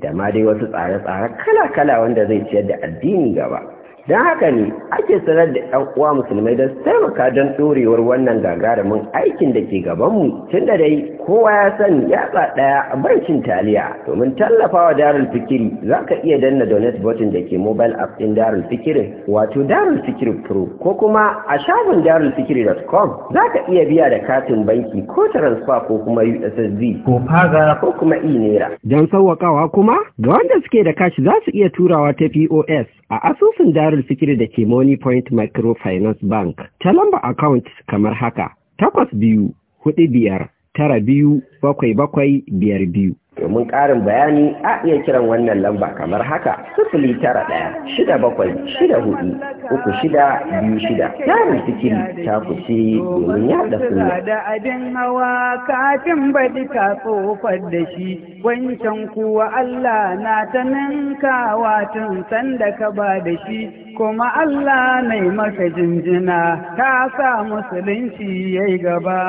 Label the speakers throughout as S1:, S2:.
S1: da ma dai wasu tsare-tsare kala-kala wanda zai ciyar da addini gaba don haka ne ake sanar da ɗan uwa musulmai don taimaka don ɗorewar wannan gagarumin aikin da ke gabanmu tun da dai kowa ya san yatsa ɗaya a bankin taliya domin tallafawa darul fikiri za ka iya danna donate button da ke mobile app din darul fikirin wato darul fikiri pro ko kuma a shafin darulfikiri.com za ka iya biya da katin banki ko transfer ko kuma ussd ko faga ko kuma e-naira don sauwaƙawa kuma ga wanda suke da kashi za su iya turawa ta pos a asusun darul fikiri da ke money point microfinance bank ta lamba account kamar haka takwas biyu hudu biyar tara biyu bakwai bakwai biyar biyu. Domin ƙarin bayani a iya kiran wannan lamba kamar haka sifili tara ɗaya shida bakwai shida hudu uku shida biyu shida yaron sikiri ta kusi domin yaɗa suna. Da abin hawa kafin baɗi ka tsofar da shi wancan kuwa Allah na ta ninkawa tun sanda ka ba da shi kuma Allah mai maka
S2: jinjina ka sa musulunci ya yi gaba.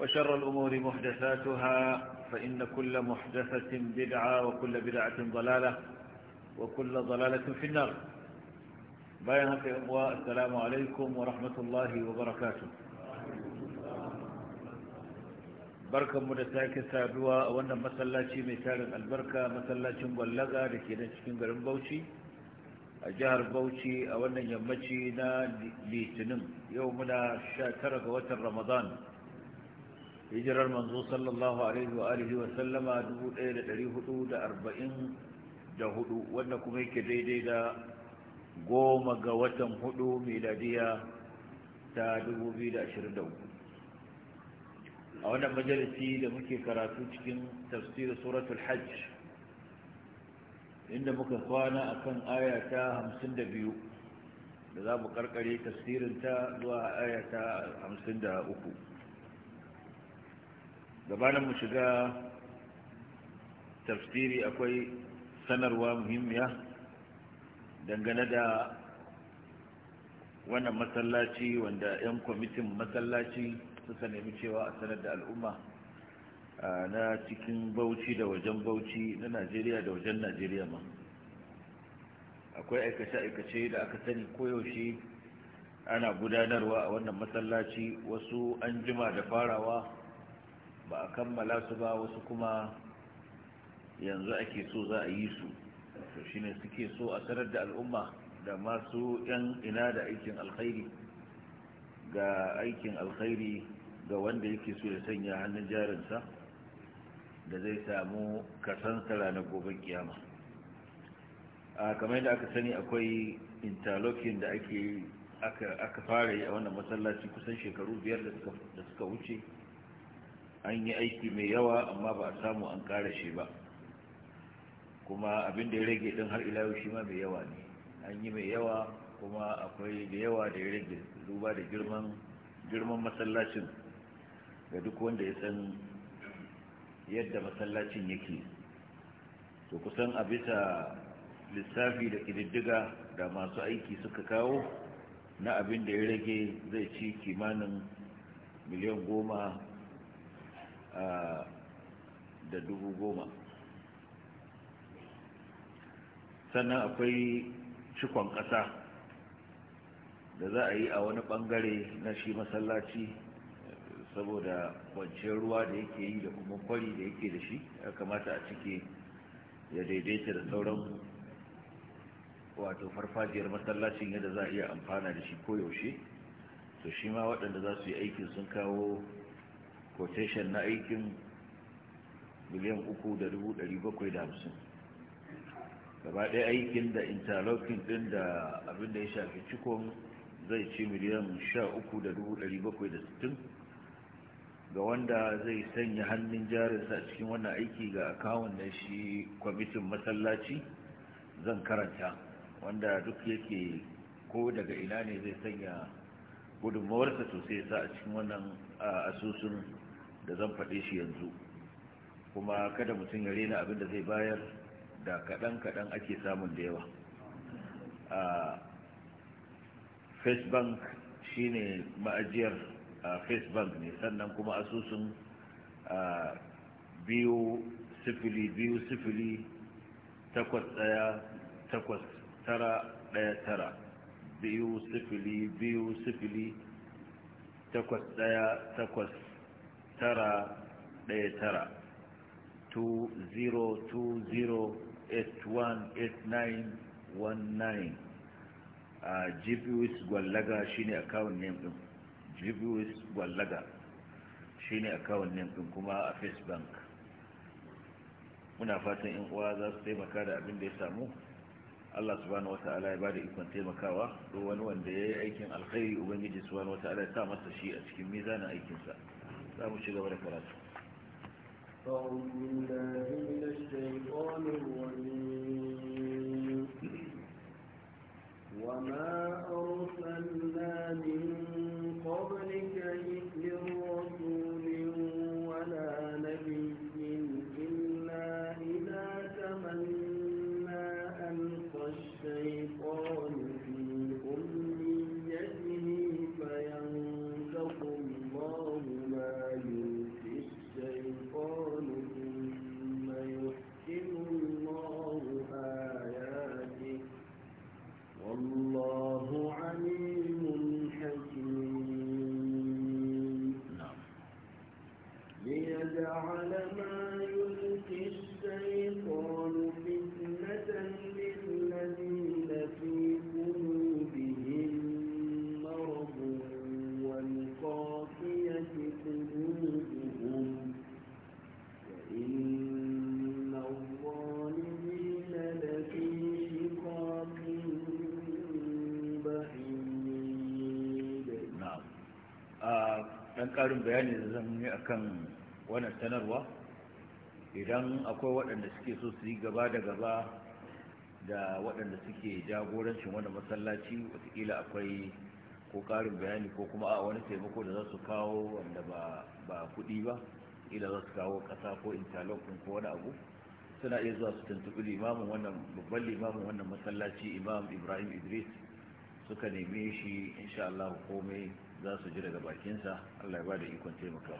S3: وشر الأمور محدثاتها فإن kulla محدثة بدعة وكل بدعة ضلالة وكل ضلالة في النار بيانة أبواء السلام عليكم ورحمة الله وبركاته barka mu da sake saduwa a wannan masallaci mai tarin albarka masallacin gwallaga da ke nan cikin garin bauchi a jihar bauchi a wannan yammaci na litinin yau muna 19 ga watan ramadan hijirar manzo sallallahu alaihi wa alihi wa sallama 1444 wanda kuma yake daidai da goma ga watan hudu miladiya ta 2023 a wannan majalisi da muke karatu cikin tafsirin suratul hajj inda muka kwana akan aya ta 52 da za mu karkare ta zuwa aya ta 53 gabanin mu shiga tafsiri akwai sanarwa muhimmiya dangane da wannan masallaci wanda 'yan kwamitin masallaci suka nemi cewa a sanar da al'umma na cikin bauchi da wajen bauchi na najeriya da wajen najeriya ma akwai aikace-aikace da aka sani koyaushe ana gudanarwa a wannan masallaci wasu an jima da farawa ba a kammala su ba wasu kuma yanzu ake so za a yi su to shine suke so a sanar da al'umma da masu yan ina da aikin alkhairi ga aikin alkhairi ga wanda yake so ya sanya hannun jarinsa da zai samu kasansa na gobe kiyama a kamar yadda aka sani akwai interlocking da ake aka fara yi a wannan masallaci kusan shekaru biyar da suka wuce an yi aiki mai yawa amma ba a samu an kare shi ba kuma abin da ya rage ɗin har ila shi ma mai yawa ne an yi mai yawa kuma akwai da yawa da ya rage duba da girman girman masallacin ga duk wanda ya san yadda masallacin yake to kusan a bisa lissafi da ƙididdiga da masu aiki suka kawo na abin da ya rage zai ci kimanin miliyan goma da dubu goma sannan akwai cikon ƙasa da za a yi a wani ɓangare na shi masallaci saboda kwanciyar ruwa da yake yi da kuma kwari da yake da shi ya kamata a cike ya daidaita da sauran wato farfajiyar masallacin yadda za a iya amfana da shi koyaushe to shi ma waɗanda za su yi aikin sun kawo quotation na aikin miliyan 3,750 gaba ɗaya aikin da interlocking ɗin da abin da ya shafi cikon zai ci miliyan 13,760 ga wanda zai sanya hannun jarinsa a cikin wannan aiki ga akawun da shi kwamitin masallaci zan karanta wanda duk yake ko daga ina ne zai sanya gudunmawarsa to sai sa a cikin wannan asusun da zan faɗe shi yanzu kuma kada mutum ya rena abin da zai bayar da kaɗan-kaɗan ake samun da yawa face bank ne ma'ajiyar face bank ne sannan kuma asusun biyu sifili biyu sifili takwas ɗaya takwas tara ɗaya tara biyu sifili biyu sifili takwas ɗaya takwas tara ɗaya tara 2020818919 a gbs gwallaga shi ne akawun kawon din gbs gwallaga shi ne akawun kawon din kuma a face bank muna fatan yan uwa za su taimaka da abin da ya samu Allah subhanahu wata'ala ya bada ikon taimakawa duk wani wanda ya yi aikin alkhairi ubangiji subhanahu wata'ala ya sa masa shi a cikin mizanin aikinsa za mu ci gaba da karatu
S2: أعوذ بالله من الشيطان الرجيم
S3: ƙarin bayani da zan yi akan wannan sanarwa idan akwai waɗanda suke so su yi gaba da gaba da waɗanda suke jagorancin wani masallaci wataƙila akwai ko ƙarin bayani ko kuma a wani taimako da za su kawo wanda ba kuɗi ba ila za su kawo ƙasa ko intalokin ko wani abu suna iya zuwa su tuntuɓi limamin wannan babban limamin wannan masallaci imam ibrahim idris suka neme shi insha Allah komai za su ji daga bakinsa Allah ya ba da ikon taimaka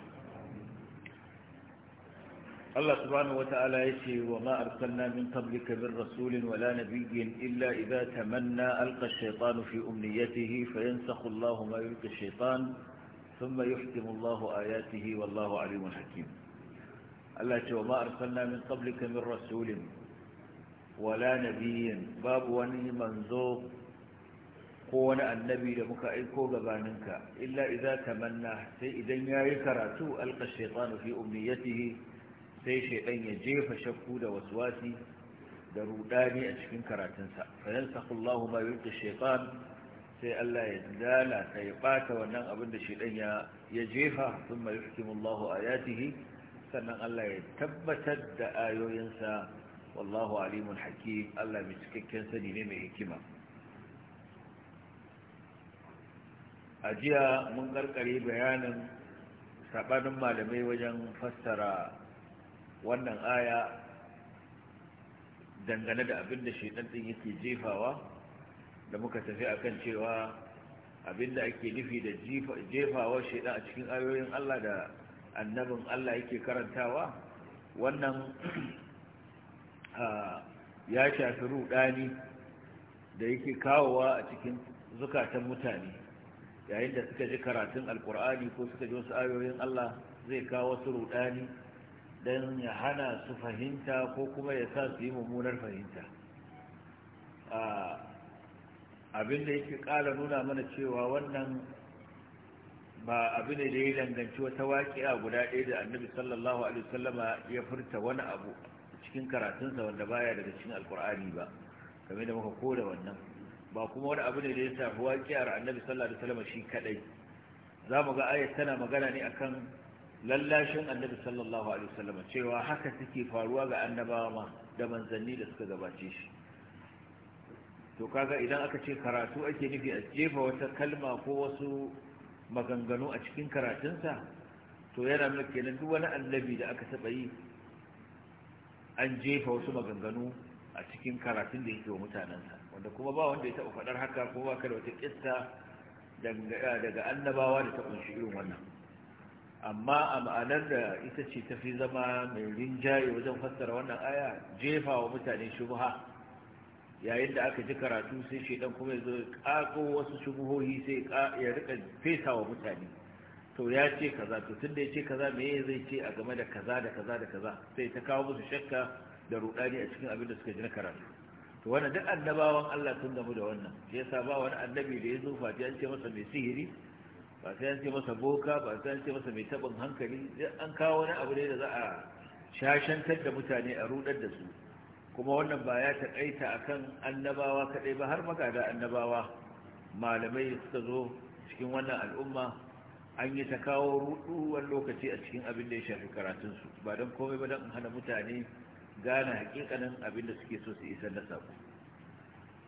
S3: Allah subhanahu wata'ala ya ce wa ma arsalna min qablika min rasulin wala nabiyyin illa idza tamanna alqa ash-shaytanu fi umniyatihi fayansakhu Allahu ma yulqi ash-shaytan thumma yuhkimu Allahu ayatihi wallahu alimun hakim Allah ya ce wa ma min qablika min rasulin wala nabiyyin babu wani manzo ko wani annabi da muka aiko gabaninka illa idza tamanna sai idan yayi karatu alqa shaytanu fi umniyatihi sai shaytan ya jefa shakku da waswasi da rudani a cikin karatunsa fa yansakhu Allahu ma yulqi shaytan sai Allah ya dala sai ya bata wannan abin da shaytan ya ya jefa thumma yuhkimu Allahu ayatihi sannan Allah ya tabbatar da ayoyinsa wallahu alimun hakim Allah mai cikakken sani ne mai hikima a jiya mun karkare bayanin saɓanin malamai wajen fassara wannan aya dangane da abin da shaidan ɗin yake jefawa da muka tafi akan cewa abin da ake nufi da jefawa shaidan a cikin ayoyin Allah da annabin Allah yake karantawa wannan ya shafi rudani da yake kawowa a cikin zukatan mutane yayin da suka ji karatun alkur'ani ko suka ji wasu ayoyin Allah zai kawo wasu rudani don ya hana su fahimta ko kuma ya sa su yi mummunar fahimta abin da yake kala nuna mana cewa wannan
S1: ba abu ne da ya danganci wata waƙiya guda ɗaya da annabi sallallahu alaihi wasallama ya
S3: furta wani abu cikin karatunsa wanda baya daga cikin alkur'ani ba game da muka kore wannan ba kuma wani abu ne da ya shafi waƙiyar annabi sallallahu alaihi wasallam shi kadai za mu ga ayat tana magana ne akan lallashin annabi sallallahu alaihi wasallam cewa haka suke faruwa ga annabawa ma da manzanni da suka gabace shi to kaga idan aka ce karatu ake nufi a jefa wata kalma ko wasu maganganu a cikin karatunsa to yana nuna kenan duk wani annabi da aka taɓa yi an jefa wasu maganganu a cikin karatun da yake wa mutanensa wanda kuma ba wanda ya taɓa faɗar haka kuma ba kada wata ƙista daga annabawa da ta ƙunshi irin wannan amma a ma'anar da ita ce ta fi zama mai rinjaye wajen fassara wannan aya jefa wa mutane shubuha yayin da aka ji karatu sai shaidan kuma ya zo ƙaƙo wasu shubuhohi sai ya rika fesa wa mutane to ya ce kaza to tun da ya ce kaza me zai ce a game da kaza da kaza da kaza sai ta kawo musu shakka da ruɗani a cikin abin da suka ji na karatu to wannan duk annabawan Allah sun gamu da wannan shi yasa ba wani annabi da ya zo fati an ce masa mai sihiri ba sai an ce masa boka ba sai an ce masa mai tabin hankali an kawo wani abu ne da za a shashantar da mutane a rudar da su kuma wannan ba ya taƙaita akan annabawa kaɗai ba har magada annabawa malamai suka zo cikin wannan al'umma an yi ta kawo ruɗuwar lokaci a cikin abin da ya shafi karatunsu ba don komai ba don hana mutane gane hakikanin abin da suke so su isa na sabu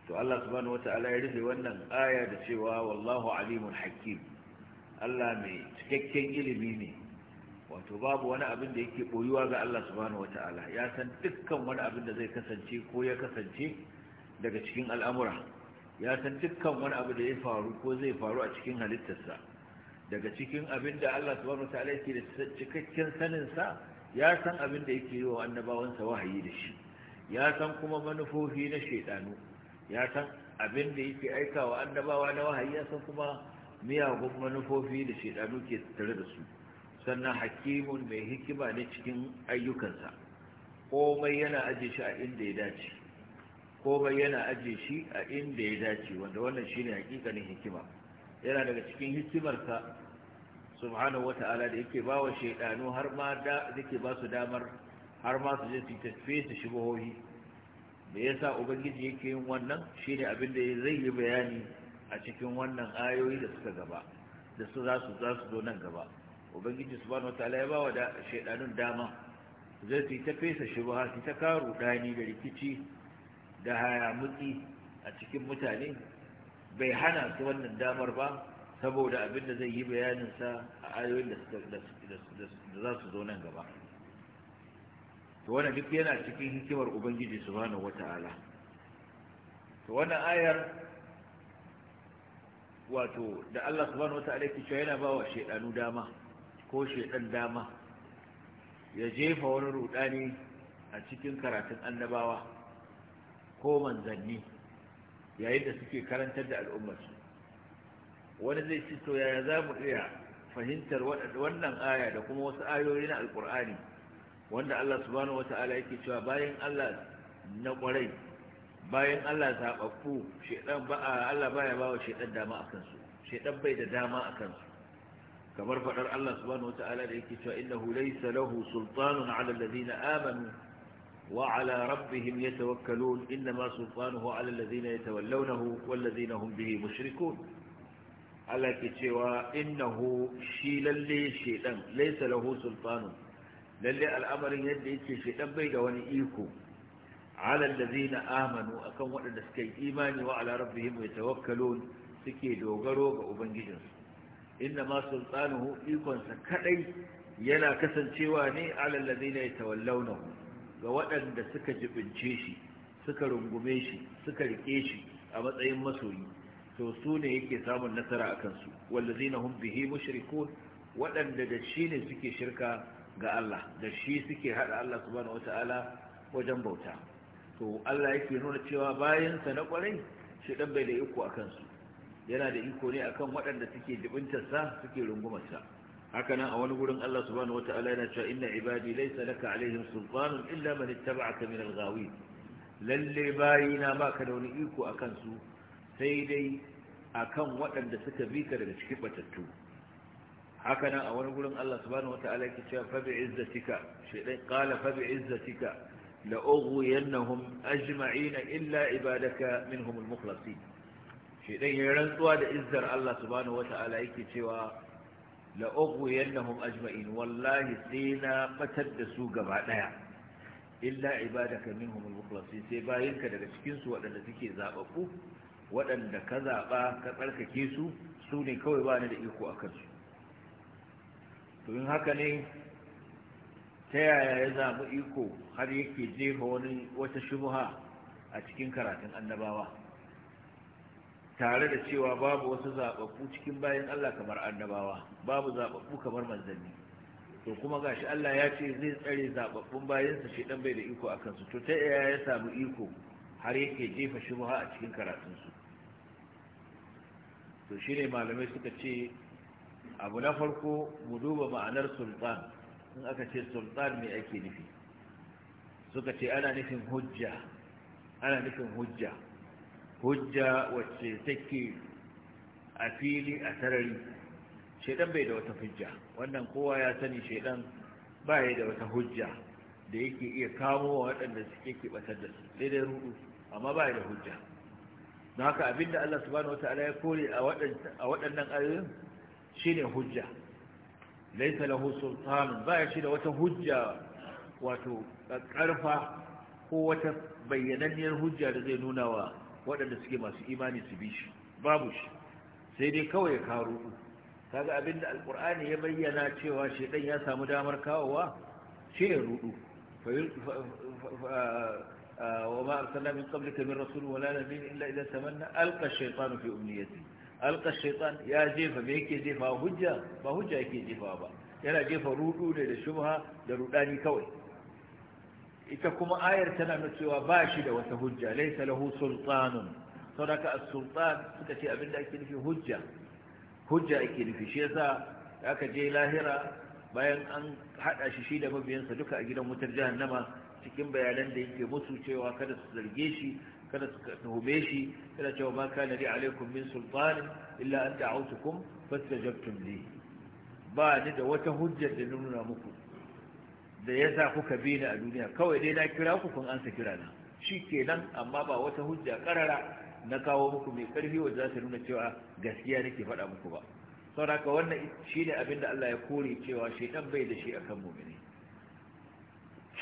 S3: to Allah subhanahu wata'ala ya rufe wannan aya da cewa wallahu alimun hakim Allah mai cikakken ilimi ne wato babu wani abin da yake boyuwa ga Allah subhanahu wata'ala ya san dukkan wani abin da zai kasance ko ya kasance daga cikin al'amura ya san dukkan wani abu da ya faru ko zai faru a cikin halittarsa daga cikin abin da Allah subhanahu wata'ala yake da cikakken sanin sa ya san abin da yake yi wa annabawansa wahayi da shi ya san kuma manufofi na shaidanu ya san abin da yake aika wa annabawa na wahayi ya san kuma miyagun manufofi da shaidanu ke tattare da su sannan hakimun mai hikima ne cikin ayyukansa komai yana aje shi a inda ya dace komai yana aje shi a inda ya dace wanda wannan shine hakikanin hikima yana daga cikin hikimarsa subhanahu wata'ala da yake ba wa shaidanu har ma da yake ba su damar har ma su je su tafi su hoyi me yasa ubangiji yake yin wannan shine abin da zai yi bayani a cikin wannan ayoyi da suka gaba da su za su za su zo nan gaba ubangiji subhanahu wataala ya bawa da shaidanun dama zai su ta fesa ha su ta karu dani da rikici da hayamuki a cikin mutane bai hana su wannan damar ba saboda abin da zai yi bayaninsa a ayoyin da za su zo nan gaba to wannan duk yana cikin hikimar ubangiji subhanahu wata'ala to wannan ayar wato da Allah subhanahu wata'ala yake cewa yana bawa shedanu dama ko shedan dama ya jefa wani rudani a cikin karatun annabawa ko manzanni yayin da suke karantar da al'ummarsu wani zai ci to yaya za mu iya fahimtar wannan aya da kuma wasu ayoyi na alkur'ani wanda Allah subhanahu wata'ala yake cewa bayan Allah na kwarai bayan Allah zaɓaɓɓu shedan Allah baya bawa shedan dama akan su shedan bai da dama a kansu. kamar faɗar Allah subhanahu wata'ala da yake cewa innahu laysa lahu sultanun 'ala alladhina amanu وعلى ربهم ma إنما سلطانه على الذين يتولونه والذين هم به مشركون Allah ke cewa innahu shi lalle shedan laysa lahu sultanu lalle al'amarin yadda yake shedan bai da wani iko ala allazina amanu akan waɗanda suka yi imani wa ala rabbihim yatawakkalun suke dogaro ga ubangijinsu inna ma sultanuhu ikonsa kadai yana kasancewa ne ala allazina yatawallawnahu ga waɗanda suka jibince shi suka rungume shi suka rike shi a matsayin masoyi to su ne yake samun nasara a kansu wallazina hum bihi mushrikun waɗanda da shi ne suke shirka ga Allah da shi suke hada Allah subhanahu wataala wajen bauta to Allah yake nuna cewa bayan sa na kwarai shi dan bai da iko a kansu yana da iko ne akan waɗanda suke jibintar sa suke rungumar sa haka nan a wani gurin Allah subhanahu wataala yana cewa inna ibadi laysa laka alaihim sultanun illa man ittaba'aka min al-ghawin lalle bayina baka da wani iko a su sai dai akan waɗanda suka bi ka daga cikin batattu haka nan a wani gurin Allah subhanahu wata'ala yake cewa fa bi izzatika shaydan qala fa bi izzatika la ughwiyannahum ajma'ina illa ibadaka minhum al-mukhlasin shaydan ya rantsuwa da izzar Allah subhanahu wata'ala yake cewa la ughwiyannahum ajma'in wallahi Sina na da su gaba daya illa ibadaka minhum al-mukhlasin sai bayinka daga cikin su waɗanda suke zababbu waɗanda ka zaɓa ka tsarkake su su ne kawai ba ni da iko a kansu to in haka ne ta yaya ya zaɓi iko har yake jefa wani wata shubuha a cikin karatun annabawa tare da cewa babu wasu zaɓaɓɓu cikin bayan Allah kamar annabawa babu zaɓaɓɓu kamar manzanni to kuma gashi Allah ya ce zai tsare zaɓaɓɓun bayansa shi dan bai da iko a kansu to ta yaya ya samu iko har yake jefa shubuha a cikin karatunsu to shi ne malamai suka ce abu na farko mu duba ma'anar sultan in aka ce sultan mai ake nufi suka ce ana nufin hujja ana nufin hujja hujja wacce take a fili a sarari shaidan bai da wata hujja wannan kowa ya sani shaidan baya da wata hujja da yake iya kamo waɗanda suke ke batar da su daidai rudu amma baya da hujja don haka da Allah subhanahu wata'ala ya kore a waɗannan ayoyin shine hujja laisa lahu sultanun ba ya shi da wata hujja wato ƙarfa ko wata bayyananniyar hujja da zai nuna wa waɗanda suke masu imani su bi shi babu shi sai dai kawai karo kaga abinda alkur'ani ya bayyana cewa shedan ya samu damar kawowa shi ne rudu وما أرسلنا من قبلك من رسول ولا نبي إلا إذا تمنى ألقى الشيطان في أمنيته ألقى الشيطان يا جيفة بيك جيفة هجة ما هجة يكي جيفة أبا yana jefa rudu ne da shubha da rudani kawai ita kuma ayar tana nuna cewa ba da wata hujja laysa lahu sultanun saboda as-sultan suka ce abinda ake nufi hujja hujja ake nufi shi yasa aka je lahira bayan an haɗa shi shi mabiyansa duka a gidan wutar jahannama cikin bayanan da yake musu cewa kada su zarge shi kada su tuhume shi kada cewa ma kana li alaikum min sultan illa an da'awtukum fastajabtum li ba ni da wata hujjar da nuna muku da yasa kuka bi ni a duniya kawai dai na kira ku kun ansa kira na shikenan amma ba wata hujja karara na kawo muku mai karfi wanda za ta nuna cewa gaskiya nake faɗa muku ba saboda wannan shine abin da Allah ya kore cewa shaytan bai da shi akan mu'mini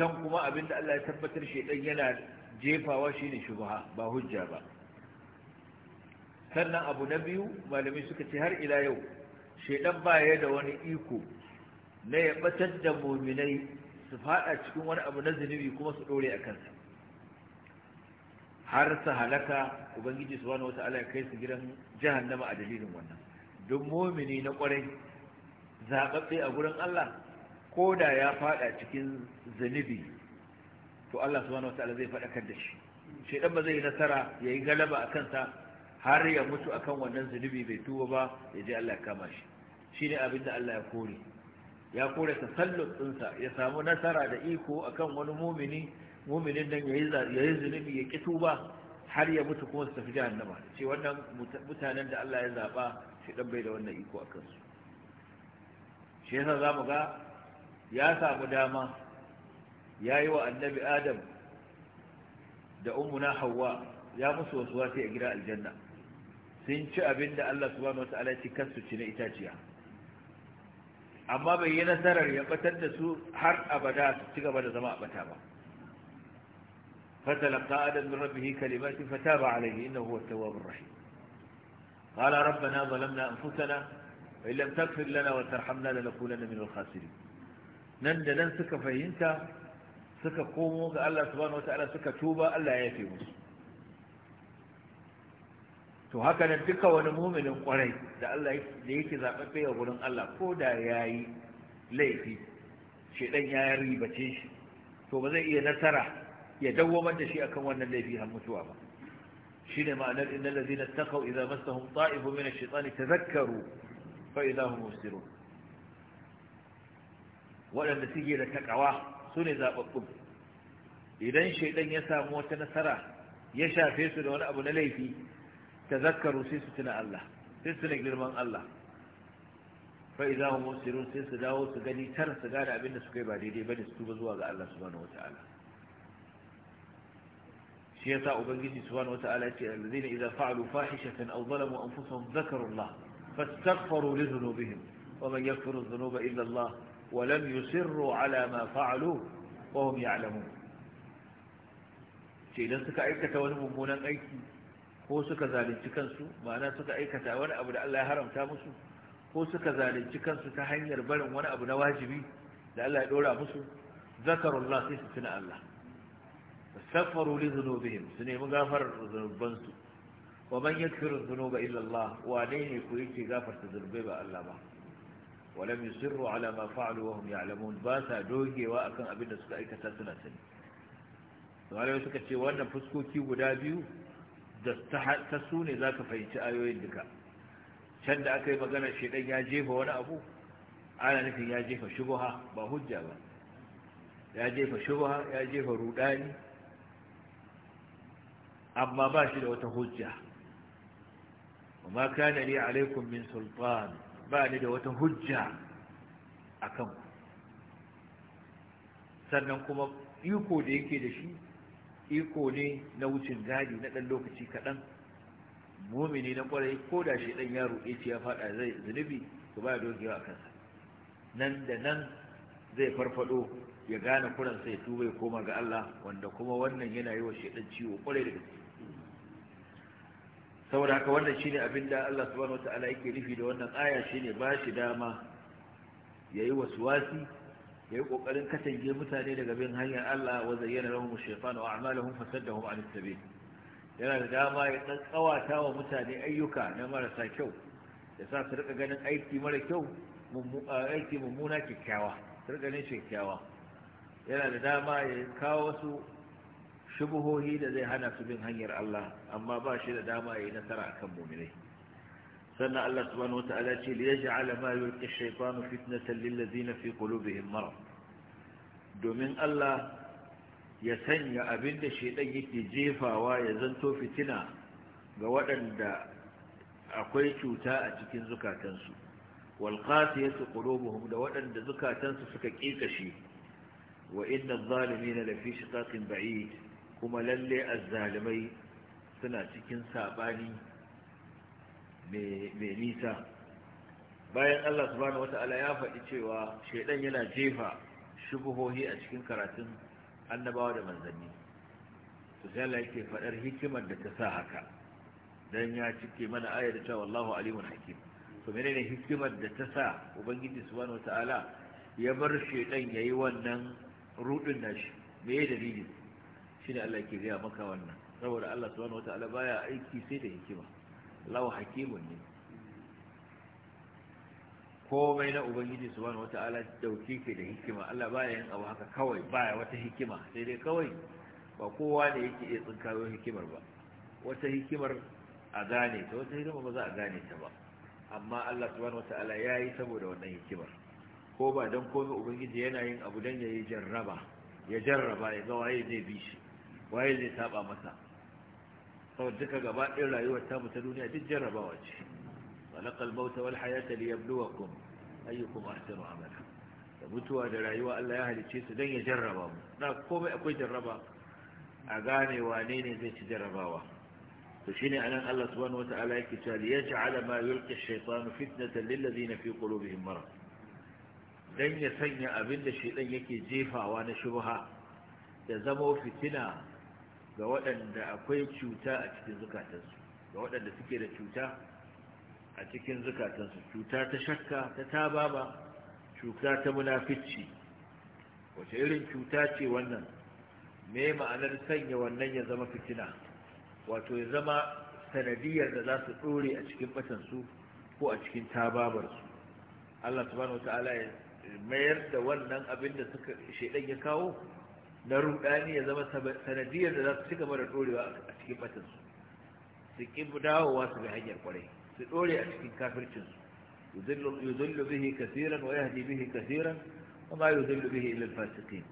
S3: can kuma abin abinda Allah ya tabbatar shaidan yana jefawa shi ne shubha ba hujja ba sannan abu na biyu malami suka ce har ila yau shaidan baya da wani iko na ya batar da muminai su fada cikin wani abu na zunubi kuma su dore a kansa har su halaka ubangiji subhanahu wata'ala ya kai su gidan jahannama a dalilin wannan duk mumini na kwarai zaɓaɓɓe a gurin Allah ko da ya fada cikin zunubi to Allah subhanahu ta'ala zai faɗakar da shi shedan ba zai yi nasara ya yi galaba a kansa har ya mutu akan wannan zunubi bai tuba ba ya je Allah ya kama shi shine abin da Allah ya kore ya kore tasallut ɗinsa ya samu nasara da iko akan wani mumini muminin nan ya yi zunubi ya ƙi ba har ya mutu kuma su tafi jahannama ce wannan mutanen da Allah ya zaba shi ɗan bai da wannan iko a kansu shi yasa zamu ga ya samu dama ya yi wa annabi adam da umuna hawa ya musu wasu wasu a gida aljanna sun ci abin Allah su ba masu alaci kansu ci na itaciya amma bai yi nasarar ya batar da su har abada su ci gaba da zama a bata ba fatalaka adam min rabbihi kalimatin fataba alayhi innahu huwa tawwabur rahim qala rabbana zalamna anfusana wa illam taghfir lana wa tarhamna lanakunanna min al nan da nan suka fahimta suka komo ga Allah subhanahu wata'ala suka tuba Allah ya yafe musu to haka nan duka wani muminin kwarai da Allah da yake zaɓaɓɓe a wurin Allah ko da ya yi laifi shaidan ya ribace shi to ba zai iya nasara ya dawwamar da shi akan wannan laifi har mutuwa ba shi ne ma'anar innal ladina taqaw idza massahum ta'ifun min ash-shaytani ta fa idza hum mubsirun waɗanda suke da takawa su ne zaɓaɓɓun idan shaidan ya samu wata nasara ya shafe su da wani abu na laifi ta zakaru sai su tuna Allah sai su tuna girman Allah fa'i za mu musirun sai su dawo su gani tara su gane abin da suka yi ba daidai ba ne su tuba zuwa ga Allah wata ala shi ya sa ubangiji subhanahu wata'ala ya ce allazina idza fa'alu fahishatan aw zalamu anfusahum zakaru Allah fastaghfiru li dhunubihim wa man yaghfiru dhunuba illa Allah ولم يصروا على ما فعلوا وهم يعلمون ce idan suka aikata wani mummunan aiki ko suka zalunci kansu ma'ana suka aikata wani abu da Allah ya haramta musu ko suka zalunci kansu ta hanyar barin wani abu na wajibi da Allah ya dora musu zakarullah sai su tuna Allah fastaghfiru li dhunubihim su nemi gafarar zunubansu wa man yaghfiru dhunuba illa Allah wa ne ku yake gafarta zunubai ba Allah ba ولم يصروا على ما فعلوا وهم يعلمون باسا دوgewa akan abin da suka aikata suna sani malamai suka ce wannan fuskoki guda biyu da ta sune ne zaka fahimci ayoyin duka can da aka yi magana shedan ya jefa wani abu ana nufin ya jefa shubha ba hujja ba ya jefa shubha ya jefa rudani amma ba shi da wata hujja وما كان لي عليكم min sultani. ba ni da wata hujja a kan sannan kuma iko da yake da shi iko ne na wucin gadi na ɗan lokaci kaɗan mumini na kwarai ko da shi ɗan yaro ya ce ya faɗa zai zunubi to ba dogewa a kansa nan da nan zai farfado ya gane kuransa ya tuba ya koma ga Allah wanda kuma wannan yana yi wa shi ɗan ciwo kwarai da gaske saboda haka wannan shine abin da Allah subhanahu wataala yake nufi da wannan aya shine ba shi dama yayi waswasi yayi kokarin katange mutane daga bin hanyar Allah wa zayyana lahum ash wa a'malahum fasaddahum 'an as-sabil yana da dama ya dan tsawata wa mutane ayyuka na marasa kyau ya sa su rika ganin aiki mara kyau aiki mummuna kyakkyawa su rika ganin kyakkyawa yana da dama ya kawo wasu shubuhohi da zai hana su bin hanyar Allah amma ba shi da dama yi nasara akan mu'minai sannan Allah Wata Ala ce li yaj'ala ma yulqi ash-shaytanu fitnatan lil ladzina fi qulubihim marad domin Allah ya sanya abin da shaidan yake jefawa ya zanto fitina ga waɗanda akwai cuta a cikin zukatansu walƙasi ya su ƙulobuhum da waɗanda zukatansu suka ƙiƙashi wa inda zalimi na lafi shiƙaƙin ba'id kuma lalle azzalimai suna cikin saɓani mai nisa bayan Allah subhanahu wata'ala ya faɗi cewa shaidan yana jefa shubuhohi a cikin karatun annabawa da manzanni to sai yake faɗar hikimar da ta sa haka dan ya cike mana ayar da cewa wallahu alimun hakim to menene hikimar da ta sa ubangiji subhanahu wata'ala ya bar shaidan yayi wannan rudin nashi me dalilin shi ne Allah ke gaya maka wannan saboda Allah subhanahu wata'ala baya aiki sai da hikima lawa hakimun ne komai na ubangiji subhanahu ala dauke ke da hikima Allah baya yin abu haka kawai baya wata hikima sai dai kawai ba kowa ne yake iya tsinkayo hikimar ba wata hikimar a gane ta wata hikimar ba za a gane ta ba amma Allah subhanahu ala ya yi saboda wannan hikimar ko ba don komai ubangiji yana yin abu don ya yi jarraba ya jarraba ya ga waye zai bi shi waye zai saba masa saboda duka gaba ɗin rayuwar tamu ta duniya duk jarrabawa ce walaqal mauta wal hayata liyabluwakum ayyukum ahsanu amala da mutuwa da rayuwa Allah ya halice su dan ya jarraba mu na komai akwai jarraba a gane wane ne zai ci jarrabawa to shine anan Allah subhanahu wata'ala yake cewa liyaj'ala ma yulqi ash-shaytanu fitnatan lil ladina fi qulubihim marad dan ya sanya abin da shaidan yake jefawa na shubha ya zama fitina ga waɗanda akwai cuta a cikin zukatansu ga waɗanda suke da cuta a cikin zukatansu cuta ta shakka ta tababa cuta ta munafici wace irin cuta ce wannan me ma'anar sanya wannan ya zama fitina wato ya zama sanadiyar da za su ɗore a cikin batansu ko a cikin tababarsu Allah subhanahu wa ta'ala ya mayar da wannan abin da suka shaidan ya kawo na rudani ya zama sanadiyar da za su cika gaba da dorewa a cikin batinsu su ƙin dawowa su bi hanyar kwarai su dore a cikin kafircinsu yuzullu bihi kasiran wa yahdi bihi kasiran wa ma yuzullu bihi ilil al-fasiqin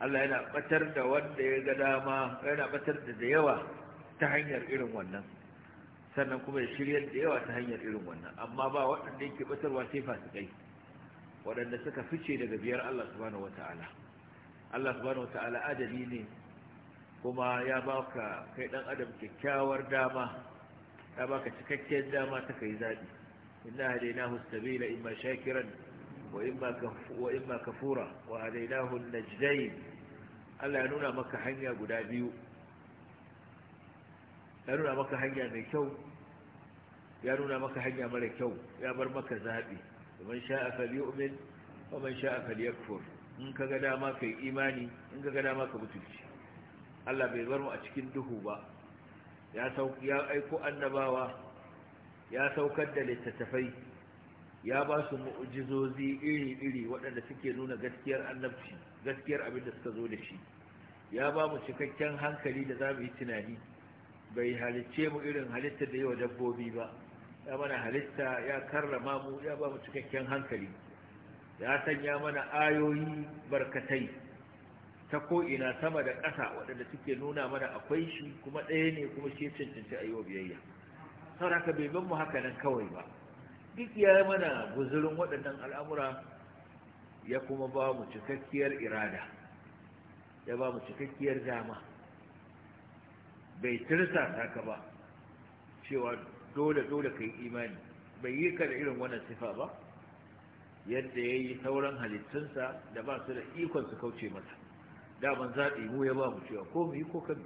S3: Allah yana batar da wanda ya ga dama yana batar da yawa ta hanyar irin wannan sannan kuma ya shirya da yawa ta hanyar irin wannan amma ba waɗanda yake batarwa sai fasikai waɗanda suka fice daga biyar Allah subhanahu wata'ala Allah subhanahu wata'ala adali ne kuma ya baka kai dan adam kikkiawar dama ya baka cikakken dama ta kai zabi inna hadaynahu as-sabila imma shakiran wa imma wa imma kafura wa hadaynahu an-najdayn Allah ya nuna maka hanya guda biyu ya nuna maka hanya mai kyau ya nuna maka hanya mara kyau ya bar maka zabi man sha'a falyu'min wa man sha'a falyakfur in ka ga dama ka yi imani in ka ga dama ka mutunci Allah bai bar mu a cikin duhu ba ya aiko annabawa ya saukar da littattafai ya ba su mu'jizozi iri-iri waɗanda suke nuna gaskiyar annabci gaskiyar abin da suka zo da shi ya ba mu cikakken hankali da za mu yi tunani bai halicce mu irin halitta da yawa dabbobi ba ya mana halitta ya karrama mu ya ba mu cikakken hankali ya sanya mana ayoyi barkatai ta ko'ina sama da ƙasa waɗanda suke nuna mana akwai shi kuma ɗaya ne kuma shi cancanci a yi wa biyayya da bai ban mu haka nan kawai ba duk ya mana guzurin waɗannan al'amura ya kuma ba mu cikakkiyar irada ya ba mu cikakkiyar dama bai tirsa ka ba cewa dole dole ka yi imani bai yi ka da irin wannan sifa ba yadda ya yi sauran halittunsa da ba su da ikon su kauce mata ban zaɓi mu ya ba mu cewa ko mu yi ko kan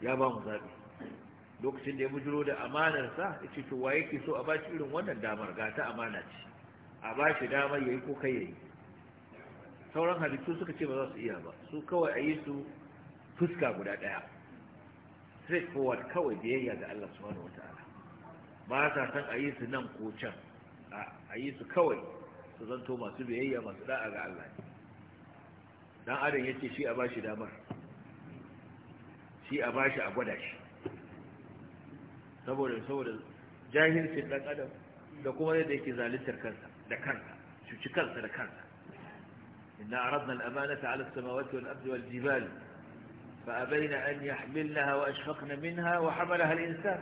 S3: ya ba mu zaɓi lokacin da ya bujiro da amanarsa ya ce to wa yake so a ba shi irin wannan damar ga ta amana ce a ba shi damar ya yi ko kai ya yi sauran halittu suka ce ba za su iya ba su kawai a yi su fuska guda ɗaya straight forward kawai biyayya ga Allah subhanahu wa ta'ala ba sa san a yi su nan ko can a yi su kawai su zanto masu biyayya masu da'a ga Allah dan adam yace shi a bashi damar shi a bashi a gwada shi saboda saboda jahilcin dan adam da kuma yadda yake zaluntar kansa da kansa cuci kansa da kansa inna aradna al-amanata 'ala as-samawati wal-ardi wal-jibali فأبين أن يحملنها وأشفقن منها وحملها الإنسان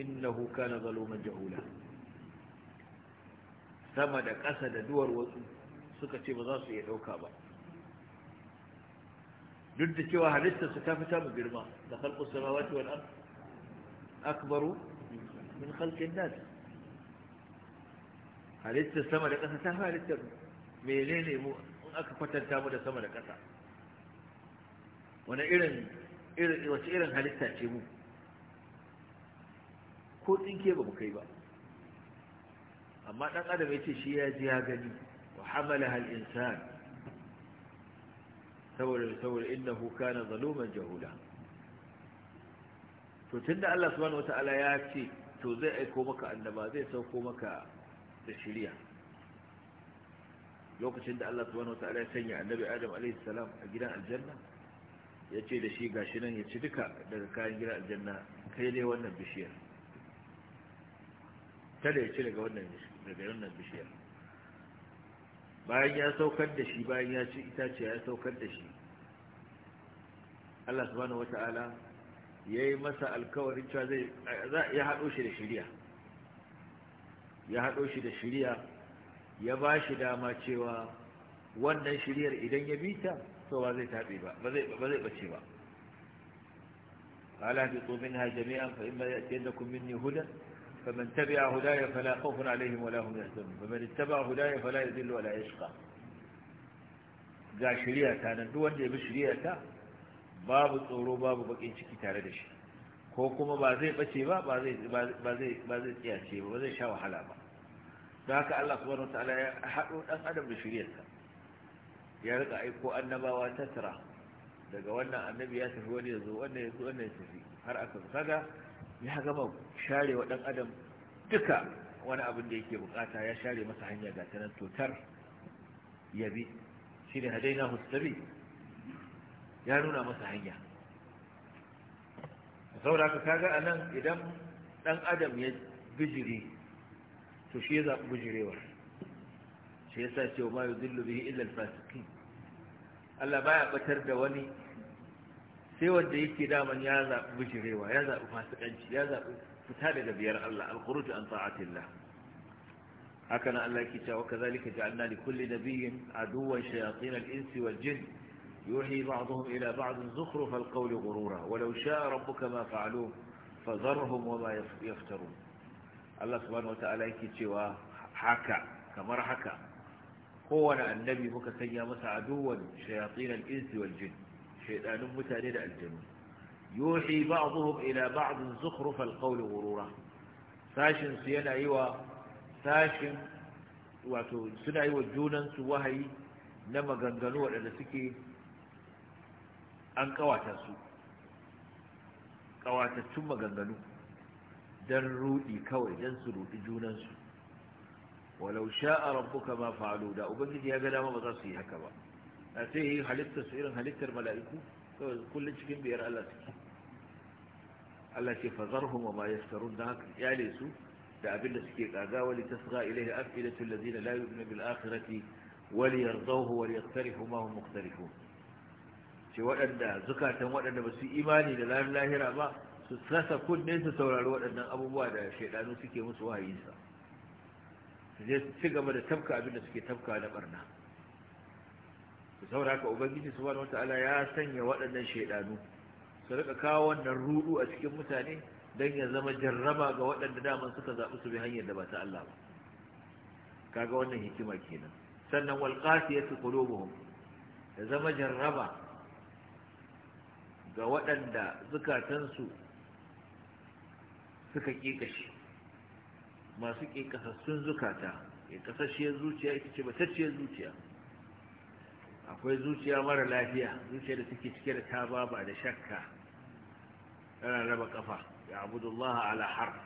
S3: إنه كان ظلوما جهولا sama da ƙasa da duwar wasu suka ce ba za su iya ɗauka ba duk da cewa halittar su ta fita mu girma da halƙus samawati wal ard akbaru min khalqin nas halittar sama da ƙasa ta fi halittar menene mu in aka kwatanta mu da sama da ƙasa wani irin wace irin halitta ce mu ko tsinke ba mu kai ba amma dan adam ya ce shi ya ji ya gani wa hamalaha al-insan saboda saboda innahu kana zaluman jahula to tun da Allah subhanahu wataala ya ce to zai aiko maka annaba zai sauko maka da shirya lokacin da Allah subhanahu wataala ya sanya annabi Adam alaihi salam a gidan aljanna ya ce da shi gashi nan ya ci duka daga kayan gidan aljanna kai ne wannan bishiyar kada ya ci daga wannan bishiyar daga wannan bishiyar bayan ya saukar da shi bayan ya ci itace ya saukar da shi Allah subhanahu wata'ala ya yi masa alkawarin cewa zai ya haɗo shi da shirya ya haɗo shi da shirya ya ba shi dama cewa wannan shiryar idan ya bita ba zai taɓe ba ba zai ɓace ba قال اهبطوا منها جميعا فإما يأتينكم مني هدى فمن تبع هداي فلا خوف عليهم ولا هم يحزنون فمن اتبع هداي فلا يذل ولا يشقى ga shiriyata nan duk wanda ya bi shiriyata babu tsoro babu bakin ciki tare da shi ko kuma ba zai bace ba ba zai ba zai ba zai sha wahala ba don haka Allah subhanahu ya haɗo dan adam da shiriyarsa ya rika aiko annabawa tattara daga wannan annabi ya tafi wani ya wannan ya tafi har aka kaga ya gama share wa ɗan adam duka wani abin da yake bukata ya share masa hanya ga tanan totar yabi shi ne hadaina mustabi ya nuna masa hanya saboda ka kaga a nan idan ɗan adam ya bijire to shi ya zaɓi bijirewar shi ya sa cewa ma yi zillu bihi illa alfasikin Allah baya batar da wani sai wanda yake daman ya zaɓi bishirewa ya zaɓi fasikanci ya zaɓi fita daga biyar Allah al-khuruj an ta'atillah haka nan Allah yake cewa kazalika ja'alna li kulli nabiyyin aduwwan shayatin al-insi wal jin yuhi ba'dhum ila ba'd zukhruf al-qawli ghurura walau sha'a rabbuka ma fa'aluhu fadharhum wama yaftarun Allah subhanahu wa ta'ala yake cewa haka kamar haka kowane annabi muka sanya masa aduwwan shayatin al-insi wal jinn shaidanun mutane da aljanu yuhi ba'dhum ila ba'd zukhruf al-qawl wurura. sashin su yana yi wa sashin wato suna yi wa junansu wahayi na maganganu waɗanda suke an kawata su kawatattun maganganu Don rudi kawai dan su rudi junansu. Walausha walau sha'a rabbuka ma da ubangiji ya ga dama ba za su yi haka ba a sai yi halittar su irin halittar mala'iku saboda kullum cikin biyar Allah suke Allah ce fazarhum wa ma yaskarun da haka kyale su da abin da suke kaga wali tasgha ilayhi afidatul ladina la yu'minu bil akhirati wal yardahu wal yaqtarifu ma hum muqtarifun ce waɗanda zukatan waɗanda ba su imani da lahira ba su sasa kunne su saurari waɗannan abubuwa da shaidanu suke musu wahayinsa su je su ci gaba da tafka abin da suke tafka na barna saboda haka ubangiji subhanahu wataala ya sanya waɗannan shaidanu su rika kawo wannan rudu a cikin mutane dan ya zama jarraba ga waɗanda daman suka zaɓi su bi hanyar da ba ta Allah ba kaga wannan hikima kenan sannan wal qasiyatu qulubuhum ya zama jarraba ga waɗanda zukatansu suka kikashi masu sun zukata shi zuciya ita ce ba tacciyar zuciya akwai zuciya mara lafiya zuciya da suke cike da taba ba da shakka Yana raba kafa ya abudullah ala har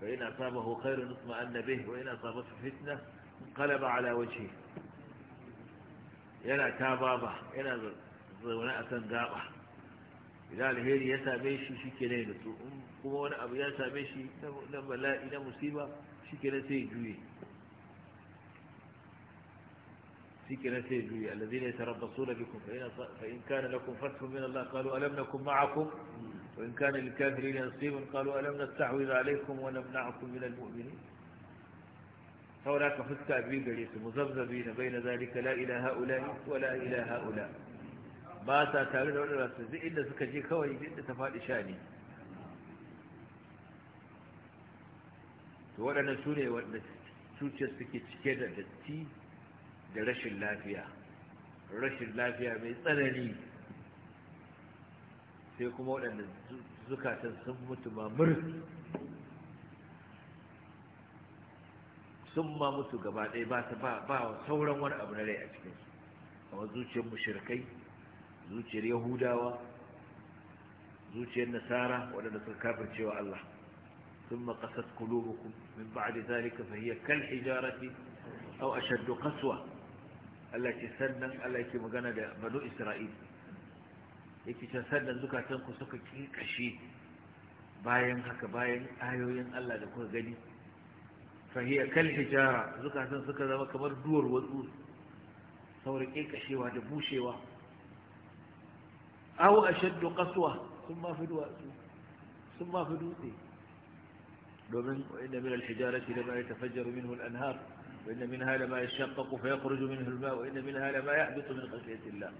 S3: fa ina sabahu khairun isma annabi wa ina sabatu fitna qalaba ala wajhi yana taba ba yana zaune akan gaba idan alheri ya same shi shike ne nutsu kuma wani abu ya same shi na bala'i na musiba shike ne sai juye shikenan sai juyi allazina yatarabbasuna bikum fa in fa in kana lakum fathun min Allah qalu alam nakum ma'akum wa in kana lil kafirin nasibun qalu alam nastahwiz alaykum wa namna'akum min al mu'minin saboda ka fuska biyu gare su muzabzabi na bai na zalika la ilaha ula wa la ilaha ula ba sa tare da wadanda su zai inda suka je kawai inda ta faɗi sha ne to waɗannan su ne wanda cuciyar suke cike da datti da rashin lafiya rashin lafiya mai tsanani sai kuma waɗanda zukatan sun mutu mamur sun ma mutu gaba ɗaya ba ta ba sauran wani abu na rai a cikinsu kamar zuciyar mushirkai zuciyar yahudawa zuciyar nasara waɗanda suka kafin cewa Allah sun maƙasar kulubukum min ba'ad zalika fa hiya kal hijarati aw ashaddu qaswa Allah ce sannan Allah ke magana da banu Isra'il yake ce sannan zukatanku suka kashe bayan haka bayan ayoyin Allah da kuka gani fahiyar kan hijara zukatan suka zama kamar duwar wasu, saurin kashewa da bushewa awu shaddu kasuwa sun ma fi duwatsu sun ma fi dutse domin inda min al-hijarati lama yatafajjaru minhu al-anhar وإن منها لما يشقق فيخرج منه الماء وإن منها لما يحبط من خشية الله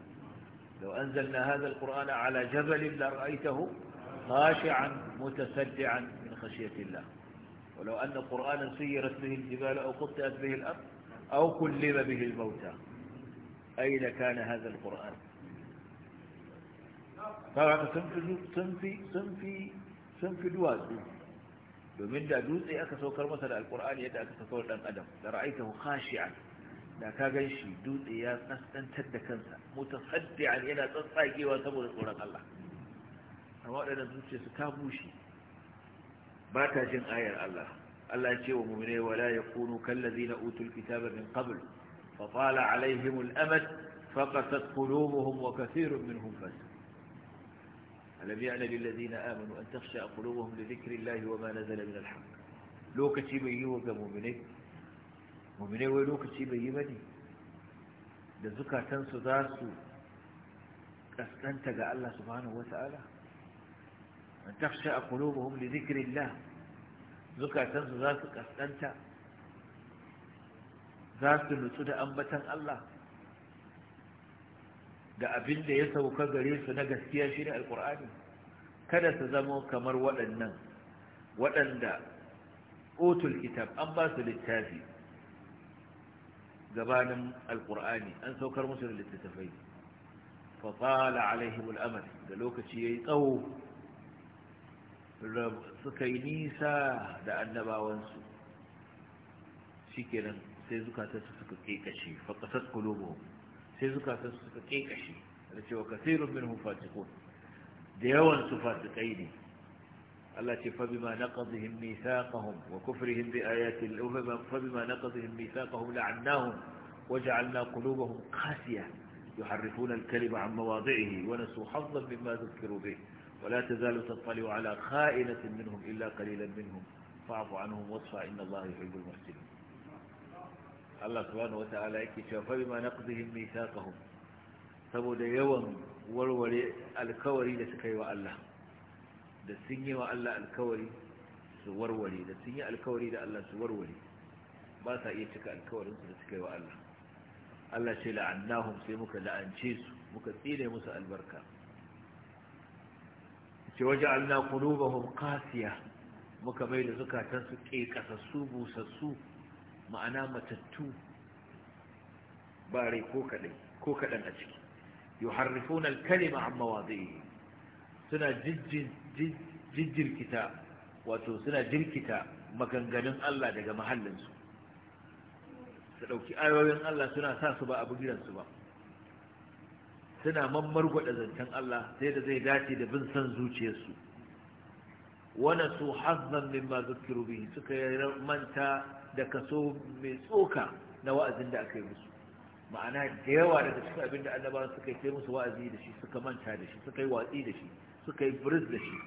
S3: لو أنزلنا هذا القرآن على جبل لرأيته خاشعا متسدعا من خشية الله ولو أن قرآنا سيرت به الجبال أو قطعت به الأرض أو كلم به الموتى أين كان هذا القرآن طبعا سنفي سنفي سنفي سنفي الوادي domin da dutse aka saukar masa da alkur'ani yadda aka saukar dan adam da ra'aitahu khashi'an da ka ganshi dutse ya tsantsantar da kansa mutasaddi'an yana tsantsagewa saboda tsoron Allah amma waɗannan dutse su ka bushi ba ta jin ayar Allah Allah ya ce wa mu'mine wala yakunu kallazina utul kitaba min qabl fa tala alaihim al-amad fa qasat qulubuhum wa kathirun minhum fasad ألم يعلم للذين آمنوا أن تخشى قلوبهم لذكر الله وما نزل من الحق لوكتي بيوك مؤمنين مؤمنين ولوكتي بيبني da zukatansu za su kaskanta ga Allah subhanahu wata'ala an tafsha a kulubuhum li zikirillah zukatansu za su kaskanta za su nutsu da ambatan Allah da abin da ya sauka gare su na gaskiya shi ne alkur'ani kada su zama kamar waɗannan waɗanda otul kitab an ba su littafi gabanin alkur'ani an saukar musu da littattafai fatala alaihim al'amal da lokaci ya yi tsawo suka yi nisa da annabawansu shi kenan sai zukatarsu suka kekashe faƙasar kulubuhu تزكى تستفقيك شيء التي وكثير منهم فاتقون ديوان تفاتقين التي فبما نقضهم ميثاقهم وكفرهم بآيات الله فبما نقضهم ميثاقهم لعناهم وجعلنا قلوبهم قاسية يحرفون الكلم عن مواضعه ونسوا حظا مما ذكروا به ولا تزال تطلع على خائنة منهم إلا قليلا منهم فاعف عنهم واصفى إن الله يحب المحسنين Allah subhanahu wata'ala yake cewa fa bima naqdihim mithaqahum saboda yawan warware alkawari da suka yi wa Allah da sun yi wa Allah alkawari su warware da sun yi alkawari da Allah su warware ba sa iya cika alkawarin su da suka yi wa Allah Allah ce la'annahum sai muka la'ance su muka tsine musu albarka ce waja'alna qulubahum qasiya muka mai da zukatan su ke kasassu busassu ma'ana matattu ba rai ko kaɗan a ciki yuharrifuna al-kalima an mawadhihi suna jijjirkita wato suna jirkita maganganun Allah daga mahallinsu su ɗauki ayoyin Allah suna sa su ba a ba suna gwada zancen Allah sai da zai dace da bin san zuciyarsu wani su hazan mimma ma zukiru bihi suka manta da kaso mai tsoka na wa'azin da aka yi musu ma'ana da yawa daga cikin abin da annaba suka yi musu wa'azi da shi suka manta da shi suka yi watsi da shi suka yi biris da shi